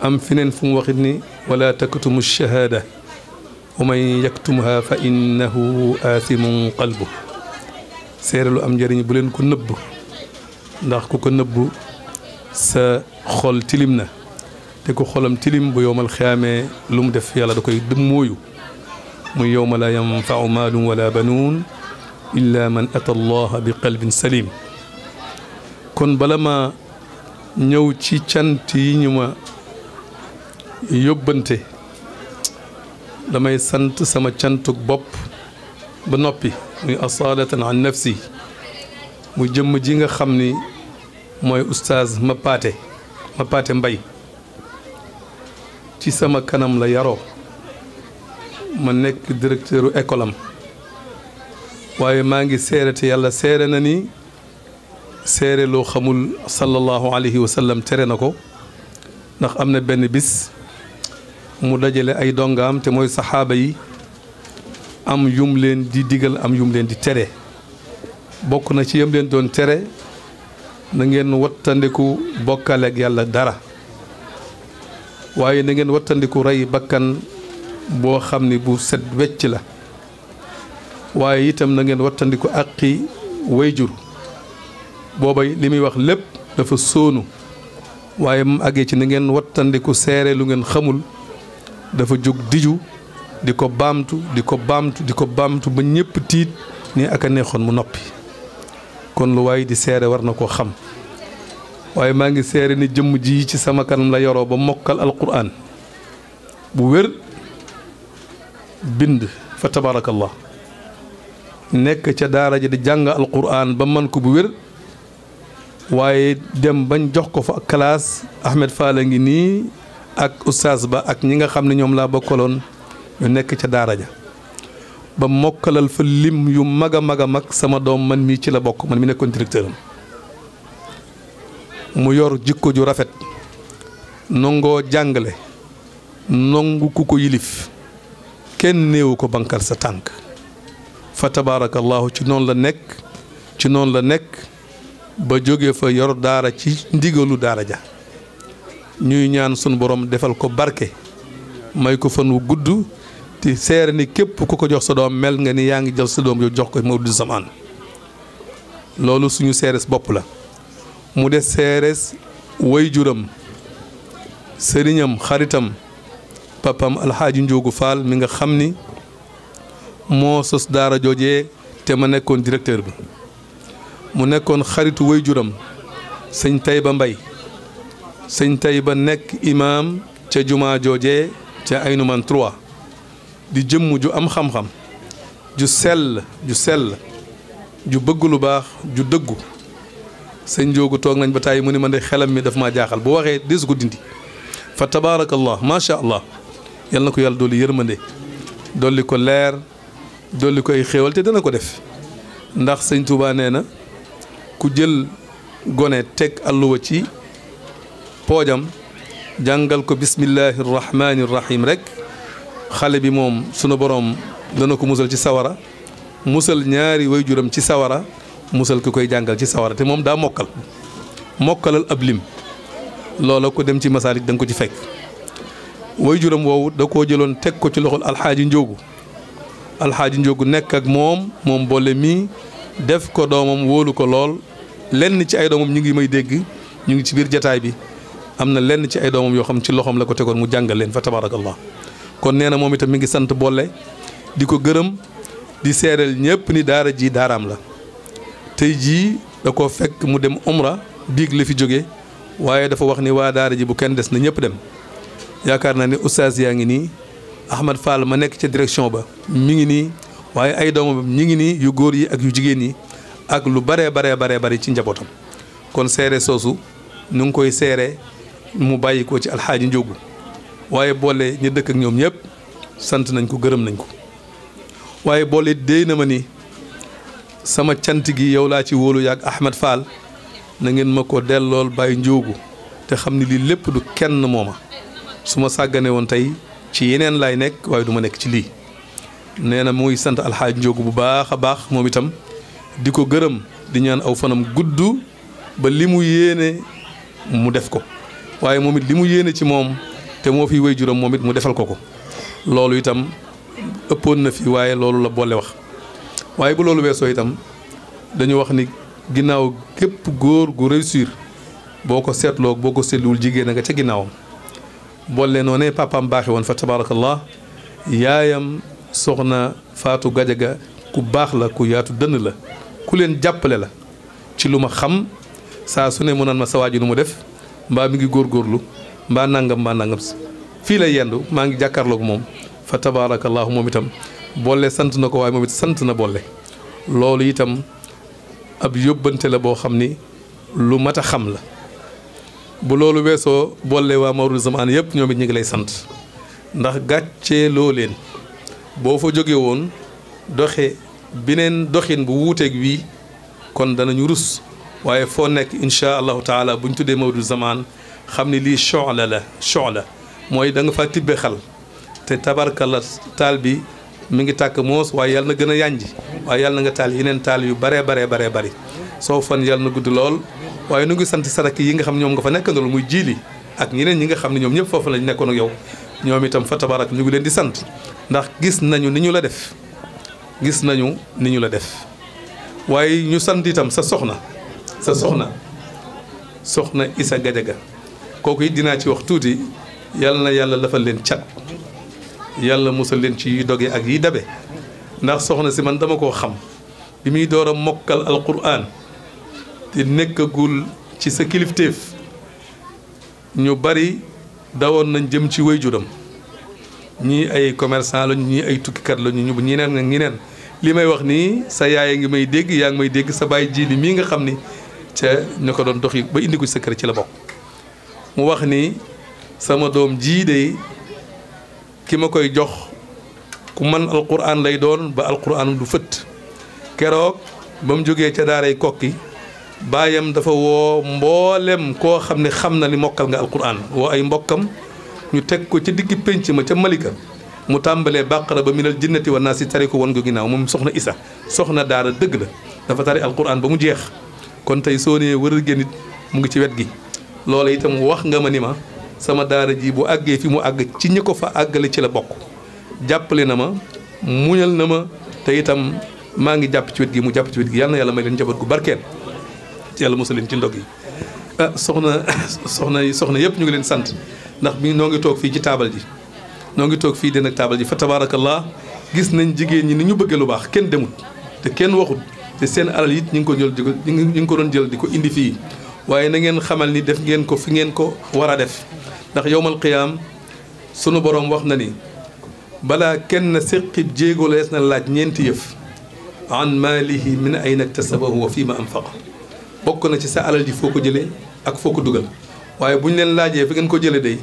am feneen fu mu waxit ni wala taktumu shahaada wa man yaktumha fa innahu aasimun qalbu seere lu am njëriñ bu leen ko nëbb ndax ku ko nëbb sa xol tilim na te ku xolam tilim bu yowmal xiyaamee lu mu def yàlla da koy dëmmooyu muy yowma laa yanfau maalun wala banuun illa man ata allah bi qalbin salim kon bala ma ñëw ci cant yi ñu ma yóbbante damay sant sama cantuk bopp ba noppi muy asalatan an nafsi mu jëmm ji nga xam ni mooy oustaz Mapaté Mapaté Mbaye ci sama kanam la yaroo ma nekk directeuru école waaye maa ngi seere te yàlla seere na ni seere loo xamul sallallahu alayhi wa tere na ko ndax am na benn bis mu dajale ay dongaam te mooy saxaaba yi am yum leen di digal am yum leen di tere bokk na ci yam leen doon tere na ngeen wattandiku bokkale ak yàlla dara waaye na wattandiku rey bakkan boo xam ni bu set wecc la waaye itam na ngeen wattandiku àqi wayjur boobay li muy wax lépp dafa sóonu waaye mu àggee ci na ngeen wattandiku seere lu ngeen xamul dafa jóg diju di ko baamtu di ko baamtu di ko baamtu ba ñépp tiit ni ak a neexoon mu noppi kon lu waaye di seere war na koo xam waaye maa ngi seere ni jëmm ji ci sama kanam la yoroo ba mokkal alquran bu wér bind fa tabaarakallah nekk ca daara ji di jàng alquran ba man ko bu wér waaye dem bañ jox ko fa classe Ahmed Fall ngi nii ak oustaz ba ak ñi nga xam ne ñoom laa bokkaloon ñu nekk ca daara ja ba mokkalal fa lim yu mag a mag a mag sama doom man mii ci la bokk man mi nekkoon directeur am mu yor jikko ju rafet nongoo jàngale nongu ku ko yilif kenn néewu ko bankal sa tànk fa tabaarakallaahu ci noonu la nekk ci noonu la nekk ba jóge fa yor daara ci ndigalu daara ja ñuy ñaan sunu borom defal ko barke may ko fan wu gudd te seere ni képp ku ko jox sa doom mel nga ni yaa ngi jël sa doom yow jox ko Mawdu Zamaan loolu suñu seeres bopp la mu des seeres wayjuram sëriñam xaritam papam alxaaji Njoogu Fall mi nga xam ni moo sos daara joojee te ma nekkoon directeur bi mu nekkoon xaritu waajuram sëñ ba Mbay sëñ ba nekk imaam ca jumaa joojee ca Aynuman 3 di jëmm ju am xam-xam ju sell ju sell ju bëgg lu baax ju dëggu sëñ Njoogu toog nañ ba tàyyi mu ni man de xelam mi daf ma jaaxal bu waxee des ko dindi fa tabaarakallah macha allah yal na ko yàlla dolli yërmande dolli ko leer dolli ko ay xéewal te dana ko def ndax sëñ Touba nee na ku jël gone teg alluwa ci poojam jàngal ko bismillahi rahmaani rahim rek xale bi moom sunu boroom dana ko musal ci sawara musal ñaari juram ci sawara musal ki koy jàngal ci sawara te moom daa mokkal mokkalal ab lim loola ko dem ci masaalik da nga ko ci fekk way juram woowu da koo jëloon teg ko ci loxol alxaaji njóogu alxaaji njóogu nekk ak moom moom boole mii def ko doomam wóolu ko lool lenn ci ay doomam ñu ngi may dégg ñu ngi ci biir jataay bi am na lenn ci ay doomam yoo xam ci loxoom la ko tegoon mu jàngal leen fa tabarakallah kon nee na moom itam mi ngi sant boole di ko gërëm di seereel ñëpp ni daara ji daaraam la tey jii da koo fekk mu dem omra biig la fi jóge waaye dafa wax ni waa daara ji bu kenn des na ñëpp dem yaakaar naa ne oustaz yaa ngi nii Ahmad Fall ma nekk ca direction ba mi ngi nii waaye ay doomam ñu ngi nii yu góor yi ak yu jigéen yi ak lu baree baree baree bari ci njabootam kon seere soosu ñu ngi koy seere mu bàyyi ko ci alxaaji njóogu waaye boole ñu dëkk ak ñoom ñëpp sant nañ ko gërëm nañ ko waaye boole déy na ma ni sama cant gi yow laa ci wóolu yaag Ahmad Fall na ngeen ma ko dellool bàyyi njóogu te xam ni lii lépp du kenn mooma su ma sàggane woon tey ci yeneen laay nekk waaye du ma nekk ci lii nee na muy sant alxaaj Njóogu bu baax a baax moom itam di ko gërëm di ñaan aw fanam gudd ba li mu yéene mu def ko waaye moom it li mu yéene ci moom te moo fi wéy juróom moom it mu defal ko ko loolu itam ëppoon na fi waaye loolu la boole wax waaye bu loolu weesoo itam dañu wax ni ginnaaw képp góor gu réussir boo ko seetloo boo ko seetluwul jigéen a nga ca ginnaawam boole noonee papaam baaxe woon fa tabaarakallah yaayam soxna Faatu Gajaga ku baax la ku yaatu dënn la ku leen jàppale la ci lu ma xam saa su ne mu ma sa waaju nu mu def mbaa mu ngi góor góorlu mbaa nangam mbaa nangam si fii la yendu maa ngi jàkkaarloog moom fa tabaarakallahu moom itam boole sant na ko waaye moom it sant na boole loolu itam ab yóbbante la boo xam ni lu mat a xam la bu loolu weesoo boole waa Mawrul Zamaan yëpp ñoom it ñu ngi lay sant ndax gàccee loo leen boo fa jógee woon doxe beneen doxin bu wuuteeg wi kon danañu rus waaye foo nekk incha allahu taala bu ñu tuddee Mawrul Zamaan xam ne lii choxla la choxla mooy danga nga fa tibbe xal te tabarkalla taal bi mu ngi tàkk moos waaye yàlla na gën a yànji waaye yàlla na nga taal yeneen taal yu baree baree baree bari soo fan yàlla na gudd lool waaye nu ngi sant sarak yi nga xam ñoom nga fa nekkandool muy jiili ak ñeneen ñi nga xam ne ñoom ñëpp foofu lañ nekkoon yow ñoom itam fa tabarak ñu ngi leen di sant ndax gis nañu ni ñu la def gis nañu ni ñu la def waaye ñu sant itam sa soxna sa soxna soxna Isa Gajaga kooku it dinaa ci wax tuuti yàlla na yàlla lafal leen cat yàlla musal leen ci yi doge ak yi dabe ndax soxna si man dama koo xam bi muy door a mokkal alquran te nekkagul ci sa kilifteef ñu bari dawoon nañ jëm ci juram ñii ay commerçant lañu ñii ay tukkikat lañu ñu ñi neen nag li may wax nii sa yaay a ngi may dégg yaa ngi may dégg sa baay jii ni mii nga xam ni ca ñu ko doon dox ba indi ko sa kër ci la bokk mu wax ni sama doom jii de ki ma koy jox ku man alquran lay doon ba alquran du fëtt keroog ba mu jógee ca daaray kokki baayam dafa woo mboolem koo xam ne xam na ni mokkal nga alquran woo ay mbokkam ñu teg ko ca digg pénc ma ca malika mu tàmbalee bàqara ba minal jinnati wa naas yi tari ko wan ko ginnaaw moom soxna isa soxna daara dëgg la dafa tari alquran ba mu jeex kon tey soo nee wër nit mu ngi ci wet gi loola itam wax nga ma ni ma sama daara ji bu àggee fi mu àgg ci ñi ko fa àggale ci la bokk jàppale na ma muñal na ma te itam maa ngi jàpp ci wet gi mu jàpp ci wet gi yal na yàlla may leen njaboot yàlla mosal leen ci ndog yi ah, soxna soxna yi soxna yëpp ñu ngi leen sant ndax bi noo ngi toog fii ci taabal ji noo ngi toog fii den ak taabal ji fa tabaarakallah gis nañ jigéen ñi ni ñu bëggee lu baax kenn demut te kenn waxut te seen alal it ñu ngi ko jël di ko ñu ngi ko doon jël di ko indi fii waaye na ngeen xamal ni def ngeen ko fi ngeen ko war a def ndax yowmal qiyaam sunu borom wax na ni balaa kenn séqib jéego lees na laaj ñeenti yëf an maalihi min ayna iktasabahu wa fii ma anfaqa bokk na ci sa alal ji foo ko jëlee ak foo ko dugal waaye bu ñu leen laajee fi ngeen ko jëlee day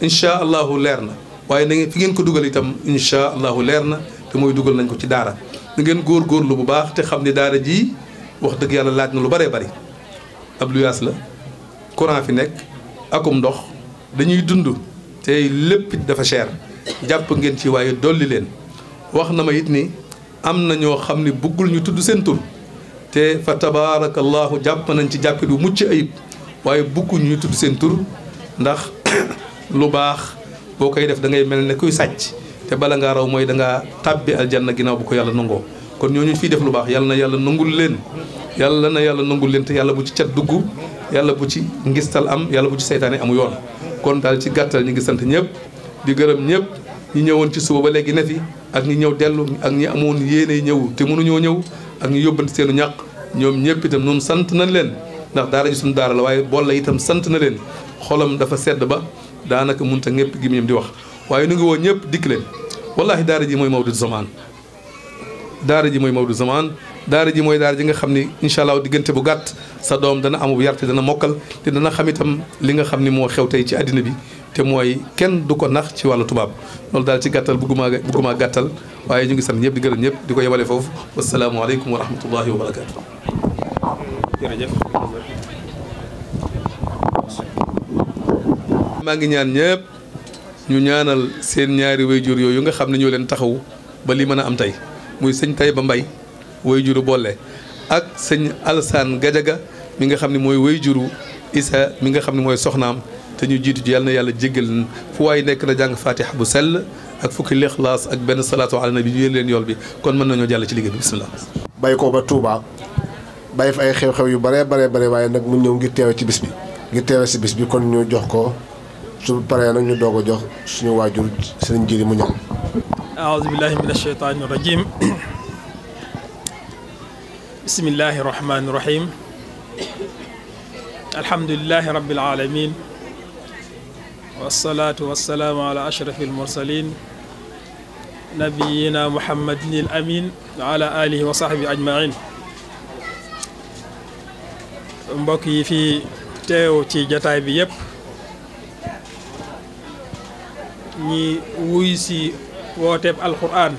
incha allahu leer na waaye na ngeen fi ngeen ko dugal itam incha allahu leer na te mooy dugal nañ ko ci daara na ngeen góorgóorlu bu baax te xam ne daara jii wax dëgg yàlla laaj na lu bëree bari ab luyaas la courant fi nekk akum ndox dañuy dund te lépp dafa cher jàpp ngeen ci waaye dolli leen wax na ma it ni am na ñoo xam ne bëggul ñu tudd seen tur te fa tabaarakallaahu jàpp nañ ci jàppit bu mucc ayib waaye bukku ñu tudd seen tur ndax lu baax boo koy def da ngay mel ne kuy sàcc te bala nga raw mooy da ngaa tàbbi aljanna ginnaaw bu ko yàlla nangoo kon ñooñu fii def lu baax yàlla na yàlla nangul leen yàlla na yàlla nangul leen te yàlla bu ci cat dugg yàlla bu ci ngistal am yàlla bu ci seytaane amu yoon kon daal ci gàttal ñu ngi sant ñëpp di gërëm ñëpp ñi ñëwoon ci suba ba léegi ne fi ak ñi ñëw dellu ak ñi amoon yéene ñëw te mënuñoo ñëw ak ñu yóbbante seenu ñàq ñoom ñëpp itam noonu sant nañ leen ndax daara ji suñu daara la waaye bool la itam sant na leen xolam dafa sedd ba daanaka munta ñëpp gi ñoom di wax waaye nu ngi woo ñëpp dikk leen wallahi daara ji mooy mawdu zamaan daara ji mooy mawdu zamaan daara ji mooy daara ji nga xam ni incha allah diggante bu gàtt sa doom dana amub yar te dana mokkal te dana xam itam li nga xam ni moo xew tey ci àddina bi te mooy kenn du ko nax ci wàllu tubaab loolu daal ci gàttal bëgguma bëgguma gàttal waaye ñu ngi sant ñëpp di gërëm ñëpp di ko yebale foofu wasalaamualeykum wa rahmatullahi wa barakaatu. maa ngi ñaan ñëpp ñu ñaanal seen ñaari wayjur yooyu nga xam ne ñoo leen taxaw ba li mën a am tey muy sëñ Taïba Mbaye wayjuru boole ak sëñ Alassane Gadiaga mi nga xam ne mooy wayjuru Issa mi nga xam ne mooy soxnaam. te ñu jiitu ci yàlla na yàlla jéggal leen fu waay nekk na jàng fatiha bu sell ak fukki lixlaas ak benn salaatu ala nabi ñu yéen leen yool bi kon mën nañoo jàll ci liggéey bi bisimilah. bàyyi ko ba Touba bàyyi fa ay xew-xew yu bare bare bare waaye nag mu ñëw ngir teewe ci bis bi ngir teewe si bis bi kon ñu jox ko su paree nag ñu doog a jox suñu waajur sëriñ jiri mu ñëw. aouzu billahi min asheytaani rajim bismillahi rahmaani rahim alhamdulilahi rabbil alamin wasalaatu wasalaamu ala ashrafi almursalin nabiyina muhammadin al amin wa ala alihi wa sahbi ajmain mbokk yi fii teew ci jataay bi yëpp ñi wuy si wooteeb alquran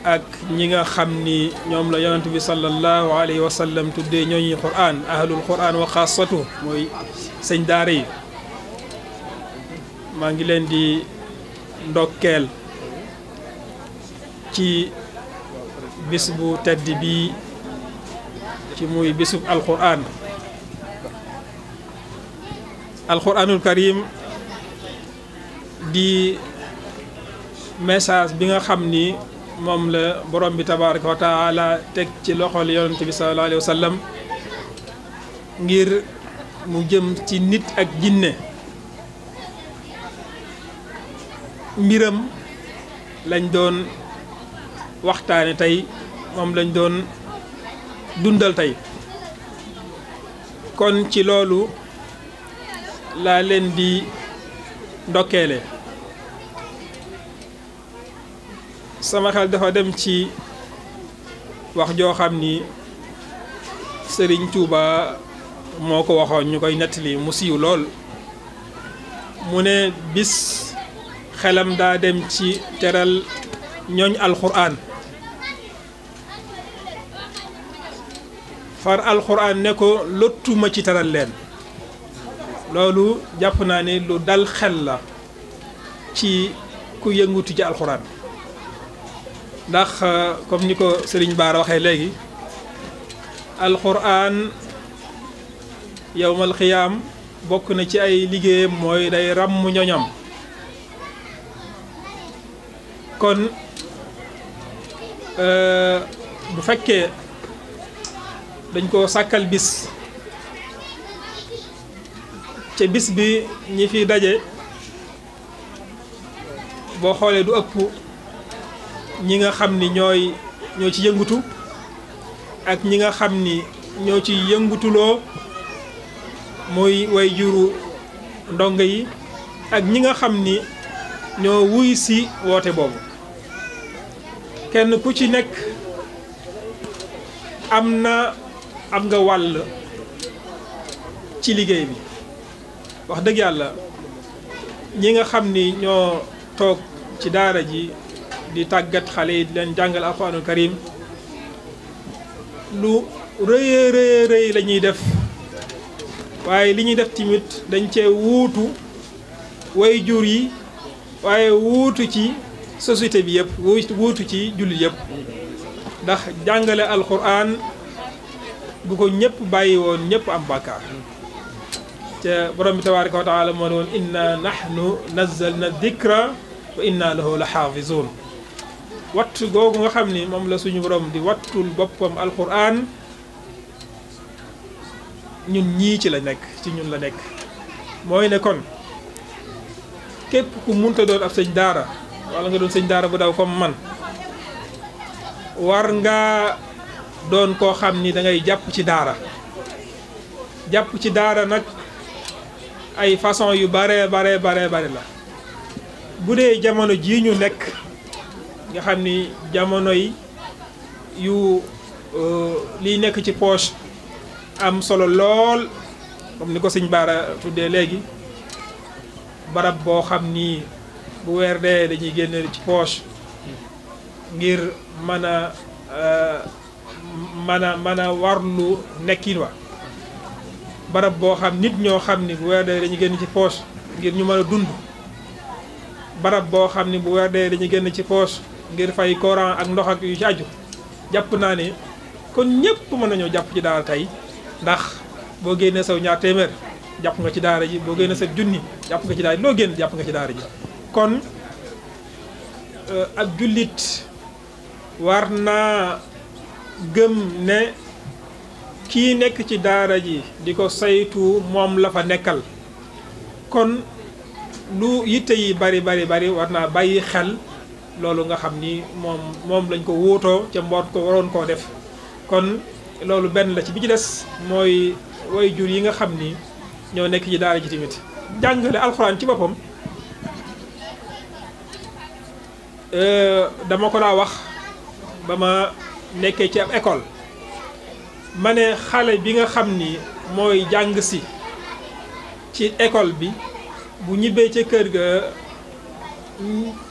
ak ñi nga xam ni ñoom la yonent bi sallallahu alayhi wa tuddee ñooñu quraan ahlul quraan wa xaasatu mooy sëñ daara yi maa ngi leen di ndokkeel ci bis bu tedd bii ci muy bisub alquraan alquraanul karim di message bi nga xam ni moom la borom bi tabaraka wa teg ci loxol yonent bi sallallahu alayhi ngir mu jëm ci nit ak jinné mbiram lañ doon waxtaane tey moom lañ doon dundal tey kon ci loolu laa leen di ndokkeele sama xel dafa dem ci wax joo xam ni Sëriñ Tuuba moo ko waxoon ñu koy nettali mu siiw lool mu ne bis xelam daa dem ci teral ñooñ alxuraan far alxuraan ne ko lottuma ci teral leen loolu jàpp naa ne lu dal xel la ci ku yëngutu ci alxuraan ndax euh, comme ni ko Serigne baar waxee léegi alxuraan yowmal xiyaam bokk na ci ay liggéeyam mooy day ràmm ñoñam kon euh, bu fekkee dañ ko sàkkal bis ca bis bi ñi fi daje boo xoolee du ëpp ñi nga xam ni ñooy ñoo ci yëngutu ak ñi nga xam ni ñoo ci yëngutuloo muy woy juru ndongo yi ak ñi nga xam ni ñoo wuy si woote boobu kenn ku ci nekk am na am nga wàll ci liggéey bi wax dëgg yàlla ñi nga xam ni ñoo toog ci daara ji di tàggat xale yi di leen jàngal alxuraanul karim lu rëyee rëyee rëy la ñuy def waaye li ñuy def tamit dañ cee wuutu way jur yi waaye wuutu ci société bi yëpp wuutu ci jullit yëpp ndax jàngale alxuraan bu ko ñëpp bàyyi woon ñëpp am bàkkaar ca borom bi tabaraka wa taala moo ne woon inna nahnu nazzalna dikra wa inna lahu la xaafizuun watt googu nga xam ni moom la suñu borom di wattul boppam alxuraan ñun ñii ci la nekk ci ñun la nekk mooy nekkoon képp ku munta doon ab sëñ daara wala nga doon sëñ daara bu daw comme man war nga doon koo xam ni dangay jàpp ci daara jàpp ci daara nag ay façon yu bare bare bare bare la bu dee jamono jii ñu nekk nga xam ni jamono yi yu euh, liy nekk ci poche am solo lool comme ni ko sëñ Baara tuddee léegi barab boo xam ni bu weer dee dañuy génn ci poche ngir mën a euh, mën a mën a nekkin wa barab boo xam nit ñoo xam ni bu weer dee dañuy génn ci poche ngir ñu mën a dund barab boo xam ni bu weer dee dañuy génn ci poche ngir fay courant ak ndox ak yu ci aju jàpp naa ni kon ñëpp mën nañoo jàpp ci daara tey ndax boo génnee saw ñaar téeméer jàpp nga ci daara ji boo génnee sa junni jàpp nga ci daara ji loo génn jàpp nga ci daara ji kon euh, ak jullit war naa gëm ne kii nekk ci daara ji di ko saytu moom la fa nekkal kon lu yitte yi bari bari bari war naa bàyyi xel loolu nga xam ni moom moom lañ ko wóotoo ca mboot ko waroon koo def kon loolu benn la ci bi ci des mooy woy jur yi nga xam ni ñoo nekk ci daal ji tamit jàngale alxuraan ci boppam euh, dama ko laa wax ba ma nekkee ci ab école ma ne xale bi nga xam ni mooy jàng si ci école bi bu ñibbee ca kër ga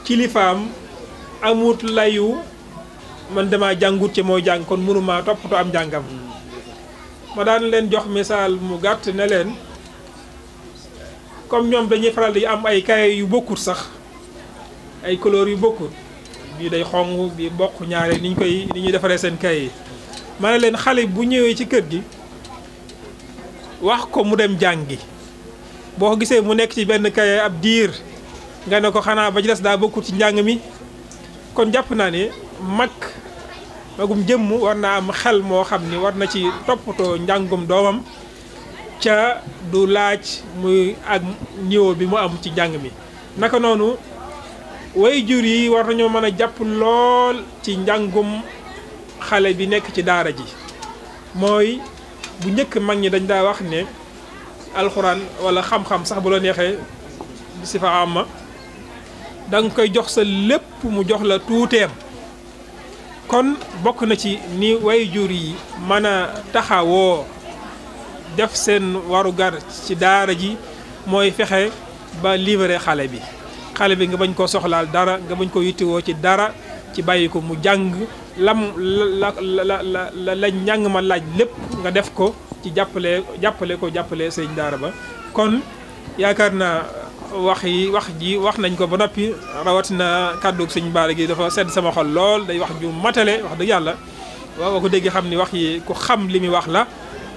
kilifaam amut layu man dama jàngut ci mooy jàng kon mënumaa toppatoo am jàngam ma daan leen jox misaal mu gàtt ne leen comme ñoom dañuy faral di am ay kaye yu bokkut sax ay couleur yu bokkut bii day xong bi mboq ñaare niñ koy ni ñuy defaree seen kaye yi ma leen xale bu ñëwee ci kër gi wax ko mu dem jàng gi boo ko gisee mu nekk ci benn kaye ab diir nga ne ko xanaa ba ci des daa bokkut ci njàng mi kon jàpp naa ne mag magum jëmm war naa am xel moo xam ni war na ci toppatoo njàngum doomam ca du laaj muy ak niveau bi mu am ci njàng mi naka noonu way jur yi war nañoo mën a jàpp lool ci njàngum xale bi nekk ci daara ji mooy bu njëkk mag ñi dañ daa wax ni alxuraan wala xam-xam sax bu la neexee si fa am ma da nga koy jox sa lépp mu jox la tuuteem kon bokk na ci ni waajur yi mën a taxawoo def seen warugar ci daara ji mooy fexe ba livrer xale bi xale bi nga bañ koo soxlaal dara nga bañ ko yittewoo ci dara ci bàyyi ko mu jàng lam la la la la njàng ma laaj lépp nga def ko ci jàppale jàppale ko jàppale sëñ daara ba kon yaakaar naa wax yi wax ji wax nañ ko ba noppi rawatina kàddu ak sëñ baara gi dafa sedd sama xol lool day wax ju matale wax dëgg yàlla waaw ko dégg xam ni wax yi ku xam li muy wax la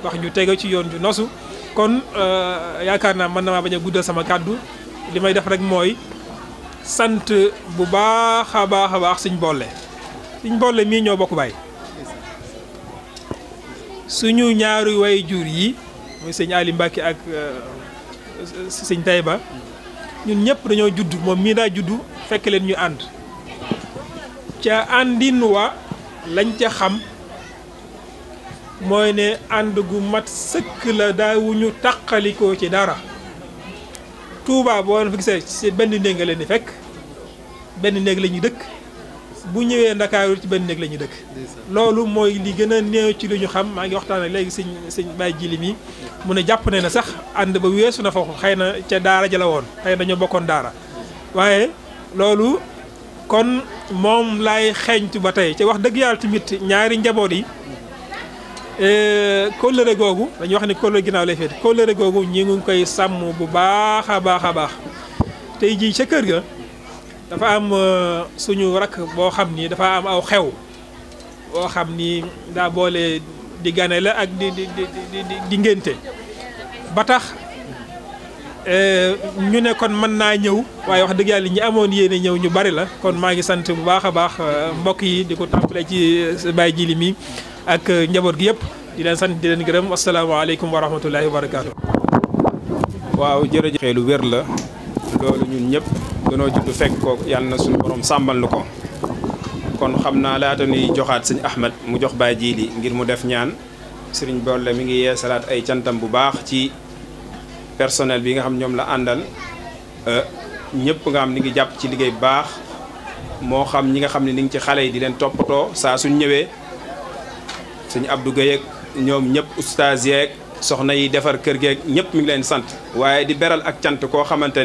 wax ju tege ci yoon ju nosu kon euh, yaakaar naa mën na bañ a sama kàddu li may def rek mooy sant bu baax a a baax suñ boole suñ boole mii ñoo bokk baay suñu ñaaru way jur yi muy sëñ Ali Mbacke ak euh, sëñ Tayba ñun ñëpp dañoo judd moom mii juddu fekk leen ñu ànd ca àndin wa lañ ca xam mooy ne ànd gu mat sëkk la daawuñu taqalikoo ci dara Touba boo leen fa benn néeg leen di fekk benn néeg lañuy dëkk bu ñëwee ndakaaru ci benn néeg la ñuy dëkk loolu mooy li gën a néew ci li ñu xam maa ngi waxtaan ak léegi sëñ sëñ Baye Jili mi mu ne jàpp ne na sax ànd ba weesu na foofu xëy na ca daara ja la woon xëy na dañoo bokkoon daara waaye loolu kon moom laay xeeñtu ba tey te wax dëgg yàlla tamit ñaari njaboot yi e, kóllëre googu dañuy wax ni kóllëre ginnaaw lay féete kóllëre googu ñi ngi koy sàmm bu baax a baax a baax tey jii ca kër ga dafa am euh, suñu rakk boo xam ni dafa am aw xew boo xam ni daa boole di gane la ak di di di di ngénte ba tax euh, ñu ne kon mën naa ñëw waaye wax dëgg yàlla ñi amoon yéene ñëw ñu bari la kon maa ngi sant bu baax a baax euh, mbokk yi di ko tàmbalee ci Baye Jili mi ak njaboot gi yëpp di leen sant di leen gërëm asalaamaaleykum wa rahmatullahi wa barakaatu. waaw jërëjëf xeelu wér la. loolu ñun ñëpp danoo judd fekk ko yàlla na suñu boroom sàmmal nu ko kon xam naa laata nuy joxaat sëñ Ahmed mu jox baa Jiili ngir mu def ñaan sëriñ Bolle mi ngi yeesalaat ay cantam bu baax ci personnel bi nga xam ñoom la àndal euh, ñëpp nga am ni ngi jàpp ci liggéey bu baax moo xam ñi nga xam ne ni ngi ci xale yi di leen toppatoo saa suñ ñëwee sëñ Abdou Guèye ñoom ñëpp oustaz yeeg soxna yi defar kër geek ñëpp mi ngi leen sant waaye di beral ak cant koo xamante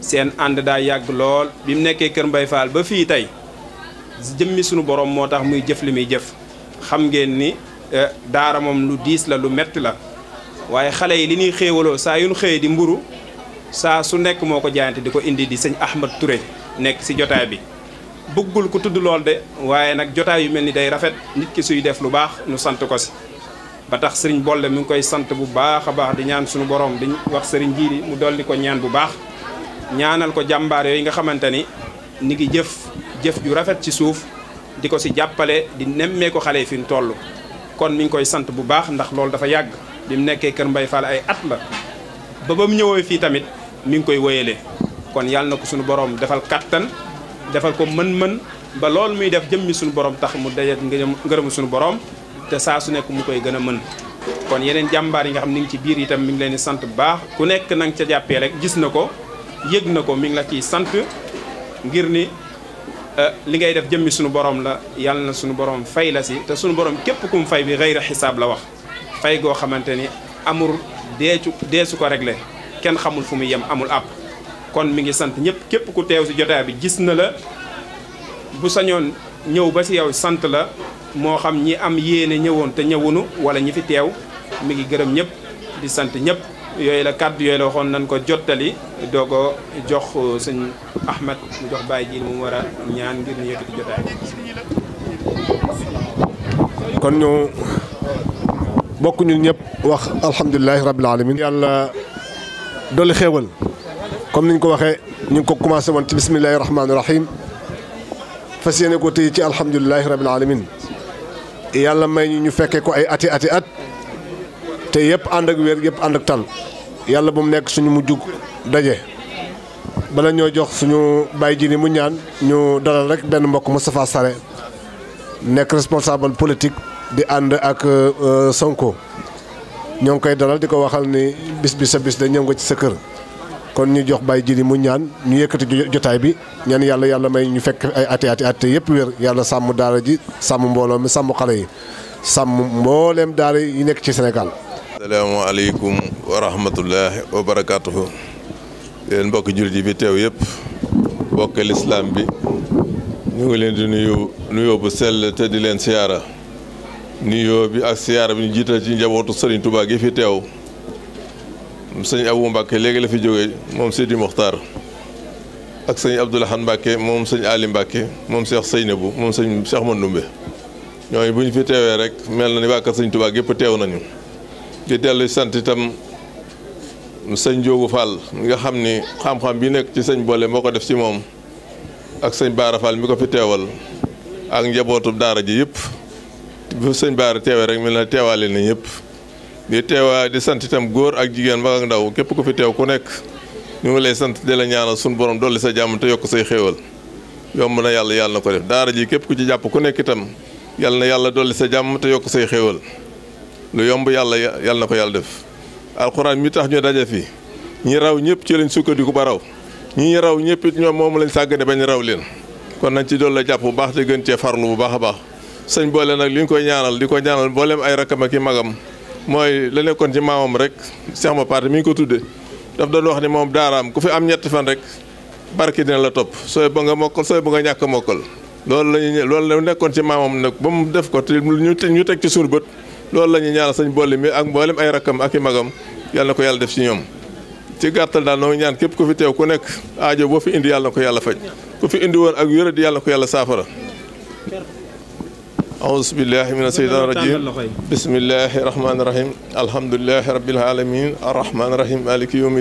seen ànd daa yàgg lool bi mu nekkee Kër Mbay faal ba fii tey jëmmi sunu borom moo tax muy jëf li muy jëf xam ngeen ni eh, daara moom lu diis la lu metti la waaye xale yi li ñuy xéewaloo saa yu ñu xëyee di mburu saa su nekk moo ko jaayante di ko indi di sëñ Ahmad ture nekk si jotaay bi bëggul ko tudd lool de waaye nag jotaay yu mel ni day rafet nit ki suy def lu baax ñu sant ko si ba tax sëriñ Bolle mu ngi koy sant bu baax a baax di ñaan suñu borom di wax sëriñ Jiiri mu dolli ko bu baax ñaanal ko jàmbaar yooyu nga xamante ni ni ngi jëf jëf ju rafet ci suuf di ko si jàppale di nemmee ko xale yi fi mu toll kon mi ngi koy sant bu baax ndax loolu dafa yàgg bi mu nekkee Kër Mbay Fall ay at la ba ba mu ñëwee fii tamit mu ngi koy wéyale kon yàlla na ko suñu borom defal kattan defal ko mën-mën ba loolu muy def jëmmi suñu borom tax mu dajet ngërëmu suñu borom te saa su nekk mu koy gën a mën kon yeneen jàmbaar yi nga xam ni ngi ci biir itam mi ngi leen di sant bu baax ku nekk nang ca jàppee rek gis na ko yëg na ko mi ngi la ciy sant ngir ni euh, li ngay def jëmmi sunu borom la yàlla na suñu borom fay la si te suñu borom képp kum fay bi gayri xisaab la wax fay goo xamante ni amul deecu deesu ko réglé kenn xamul fu muy yem amul àpp kon mi ngi sant ñëpp képp ku teew si jotaay bi gis na la bu sañoon ñëw ba si yow sant la moo xam ñi am yéene ñëwoon te ñëwunu wala ñi fi teew mi ngi gërëm ñëpp di sant ñëpp yooyu la kàddu yooyu waxoon nañ ko jottali doog a jox uh, sëñ Ahmed mu jox bàyyi ji mu war a ñaan ngir ñu yëkkati jotaay kon ñu bokk ñun ñëpp wax alhamdulilahi rabbil alamin yàlla dolli xéewal comme niñ ko waxee ñu ngi ko commencé woon ci bismillahi rahmaani rahim fas yéene ko tey ci alhamdulilahi rabbil alamin yàlla may ñu fekke ko ay ati ati at te yëpp ànd ak wér yëpp ànd ak tal yàlla bu mu nekk suñu mu jug daje bala ñoo jox suñu bàyyi ji ni mu ñaan ñu dalal rek benn mbokk safaa Sare nekk responsable politique di ànd ak euh, Sonko ñoo ngi koy dalal di ko waxal ni bis bi sa bis de ñëw nga ci sa kër kon ñu jox bàyyi ji ni mu ñaan ñu yëkkati jotaay bi ñaan yàlla yàlla may ñu fekk ay ati ati ati yëpp wér yàlla sàmm daara ji sàmm mbooloo mi sàmm xale yi sàmm mbooleem daara yi nekk ci Sénégal salaamaaleykum wa rahmatullah wa barakaatuhu yéen mbokki jullit yi fi teew yëpp mbokki lislaam bi ñu ngi leen di nuyu nuyoo bu sell te di leen siyaara nuyoo bi ak siyaara bi ñu jiital ci njabootu Serigne Touba yi fi teew sëñ Abou Mbacke léegi la fi jógee moom Sidi Mokhtar ak sëñ Abdoul Ahad Mbacke moom sëñ Ali Mbacke moom Cheikh Seynabou moom sëñ Cheikh Mandoumbe ñooñu bu ñu fi teewee rek mel na ni waa kër sëñ Touba gépp teew nañu. di dellu sant itam sëñ Njóogu Fall mi nga xam ni xam-xam bi nekk ci sëñ boole moo ko def ci moom ak sëñ Baara Fall mi ko fi teewal ak njabootub daara ji yëpp bu sëñ Baara teewee rek mel na teewaale na ñëpp di teewaa di sant itam góor ak jigéen mag ak ndaw képp ku fi teew ku nekk ñu ngi lay sant di la ñaanal sun borom dolli sa jàmm te yokk say xéewal yomb na yàlla yàlla na ko def daara ji képp ku ci jàpp ku nekk itam yàlla na yàlla dolli sa jàmm te yokk say xéewal lu yomb yàlla yàlla na ko yàlla def alxuraan mi tax ñu daje fii ñi raw ñëpp ci lañ ku ba raw ñi raw ñëpp it ñoom moom lañ sàggane bañ raw leen kon nañ ci doon la jàpp bu baax te gën cee farlu bu baax a baax sëñ boole nag li ñu koy ñaanal di ko ñaanal mbooleem ay rakkam ak i magam mooy la nekkoon ci maamam rek seex ma Paate mi ngi ko tudde daf doon wax ni moom daaraam ku fi am ñetti fan rek barke dina la topp sooy ba nga mokkal sooy ba nga ñàkk mokkal loolu lañu loolu la nekkoon ci maamam nag ba mu def ko te ñu teg ci suñu bët loolu la ñuy ñaanal mbooli mi ak mboolem ay rakkam ak i magam yàlla na ko yàlla def ci ñoom ci gàttal daal noo ngi ñaan képp ko fi teew ku nekk aajo boo fi indi yàlla na ko yàlla faj ku fi indi woon ak yore di yàlla ko yàlla saafara أعوذ بالله من الشيطان الرجيم بسم الله الرحمن الرحيم الحمد لله رب العالمين الرحمن الرحيم مالك يوم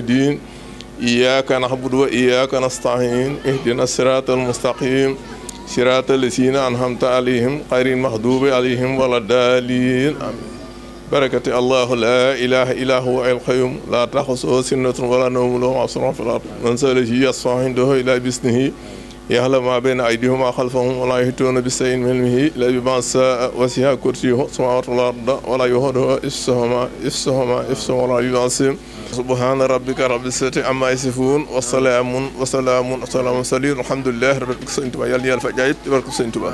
siraata lasiina anhamta alayhim xayril maxduubi alayhim wala daaliin amin barakati allahu laa ilaha illa huwa al qayyum laa taxusuhu wala nawmun lahu fi l-ard man saala ji yasfa يعلم ما بين أيديهم وما خلفهم ولا يحيطون بشيء من علمه إلا بما شاء وسع كرسيه السماوات والأرض ولا يؤوده حفظهما حفظهما حفظهما العلي العظيم سبحان ربك رب العزة عما يصفون وسلام وسلام وسلام المرسلين الحمد لله رب العالمين yàlla yàlla fa jaayit barke Sëñ Tuubaa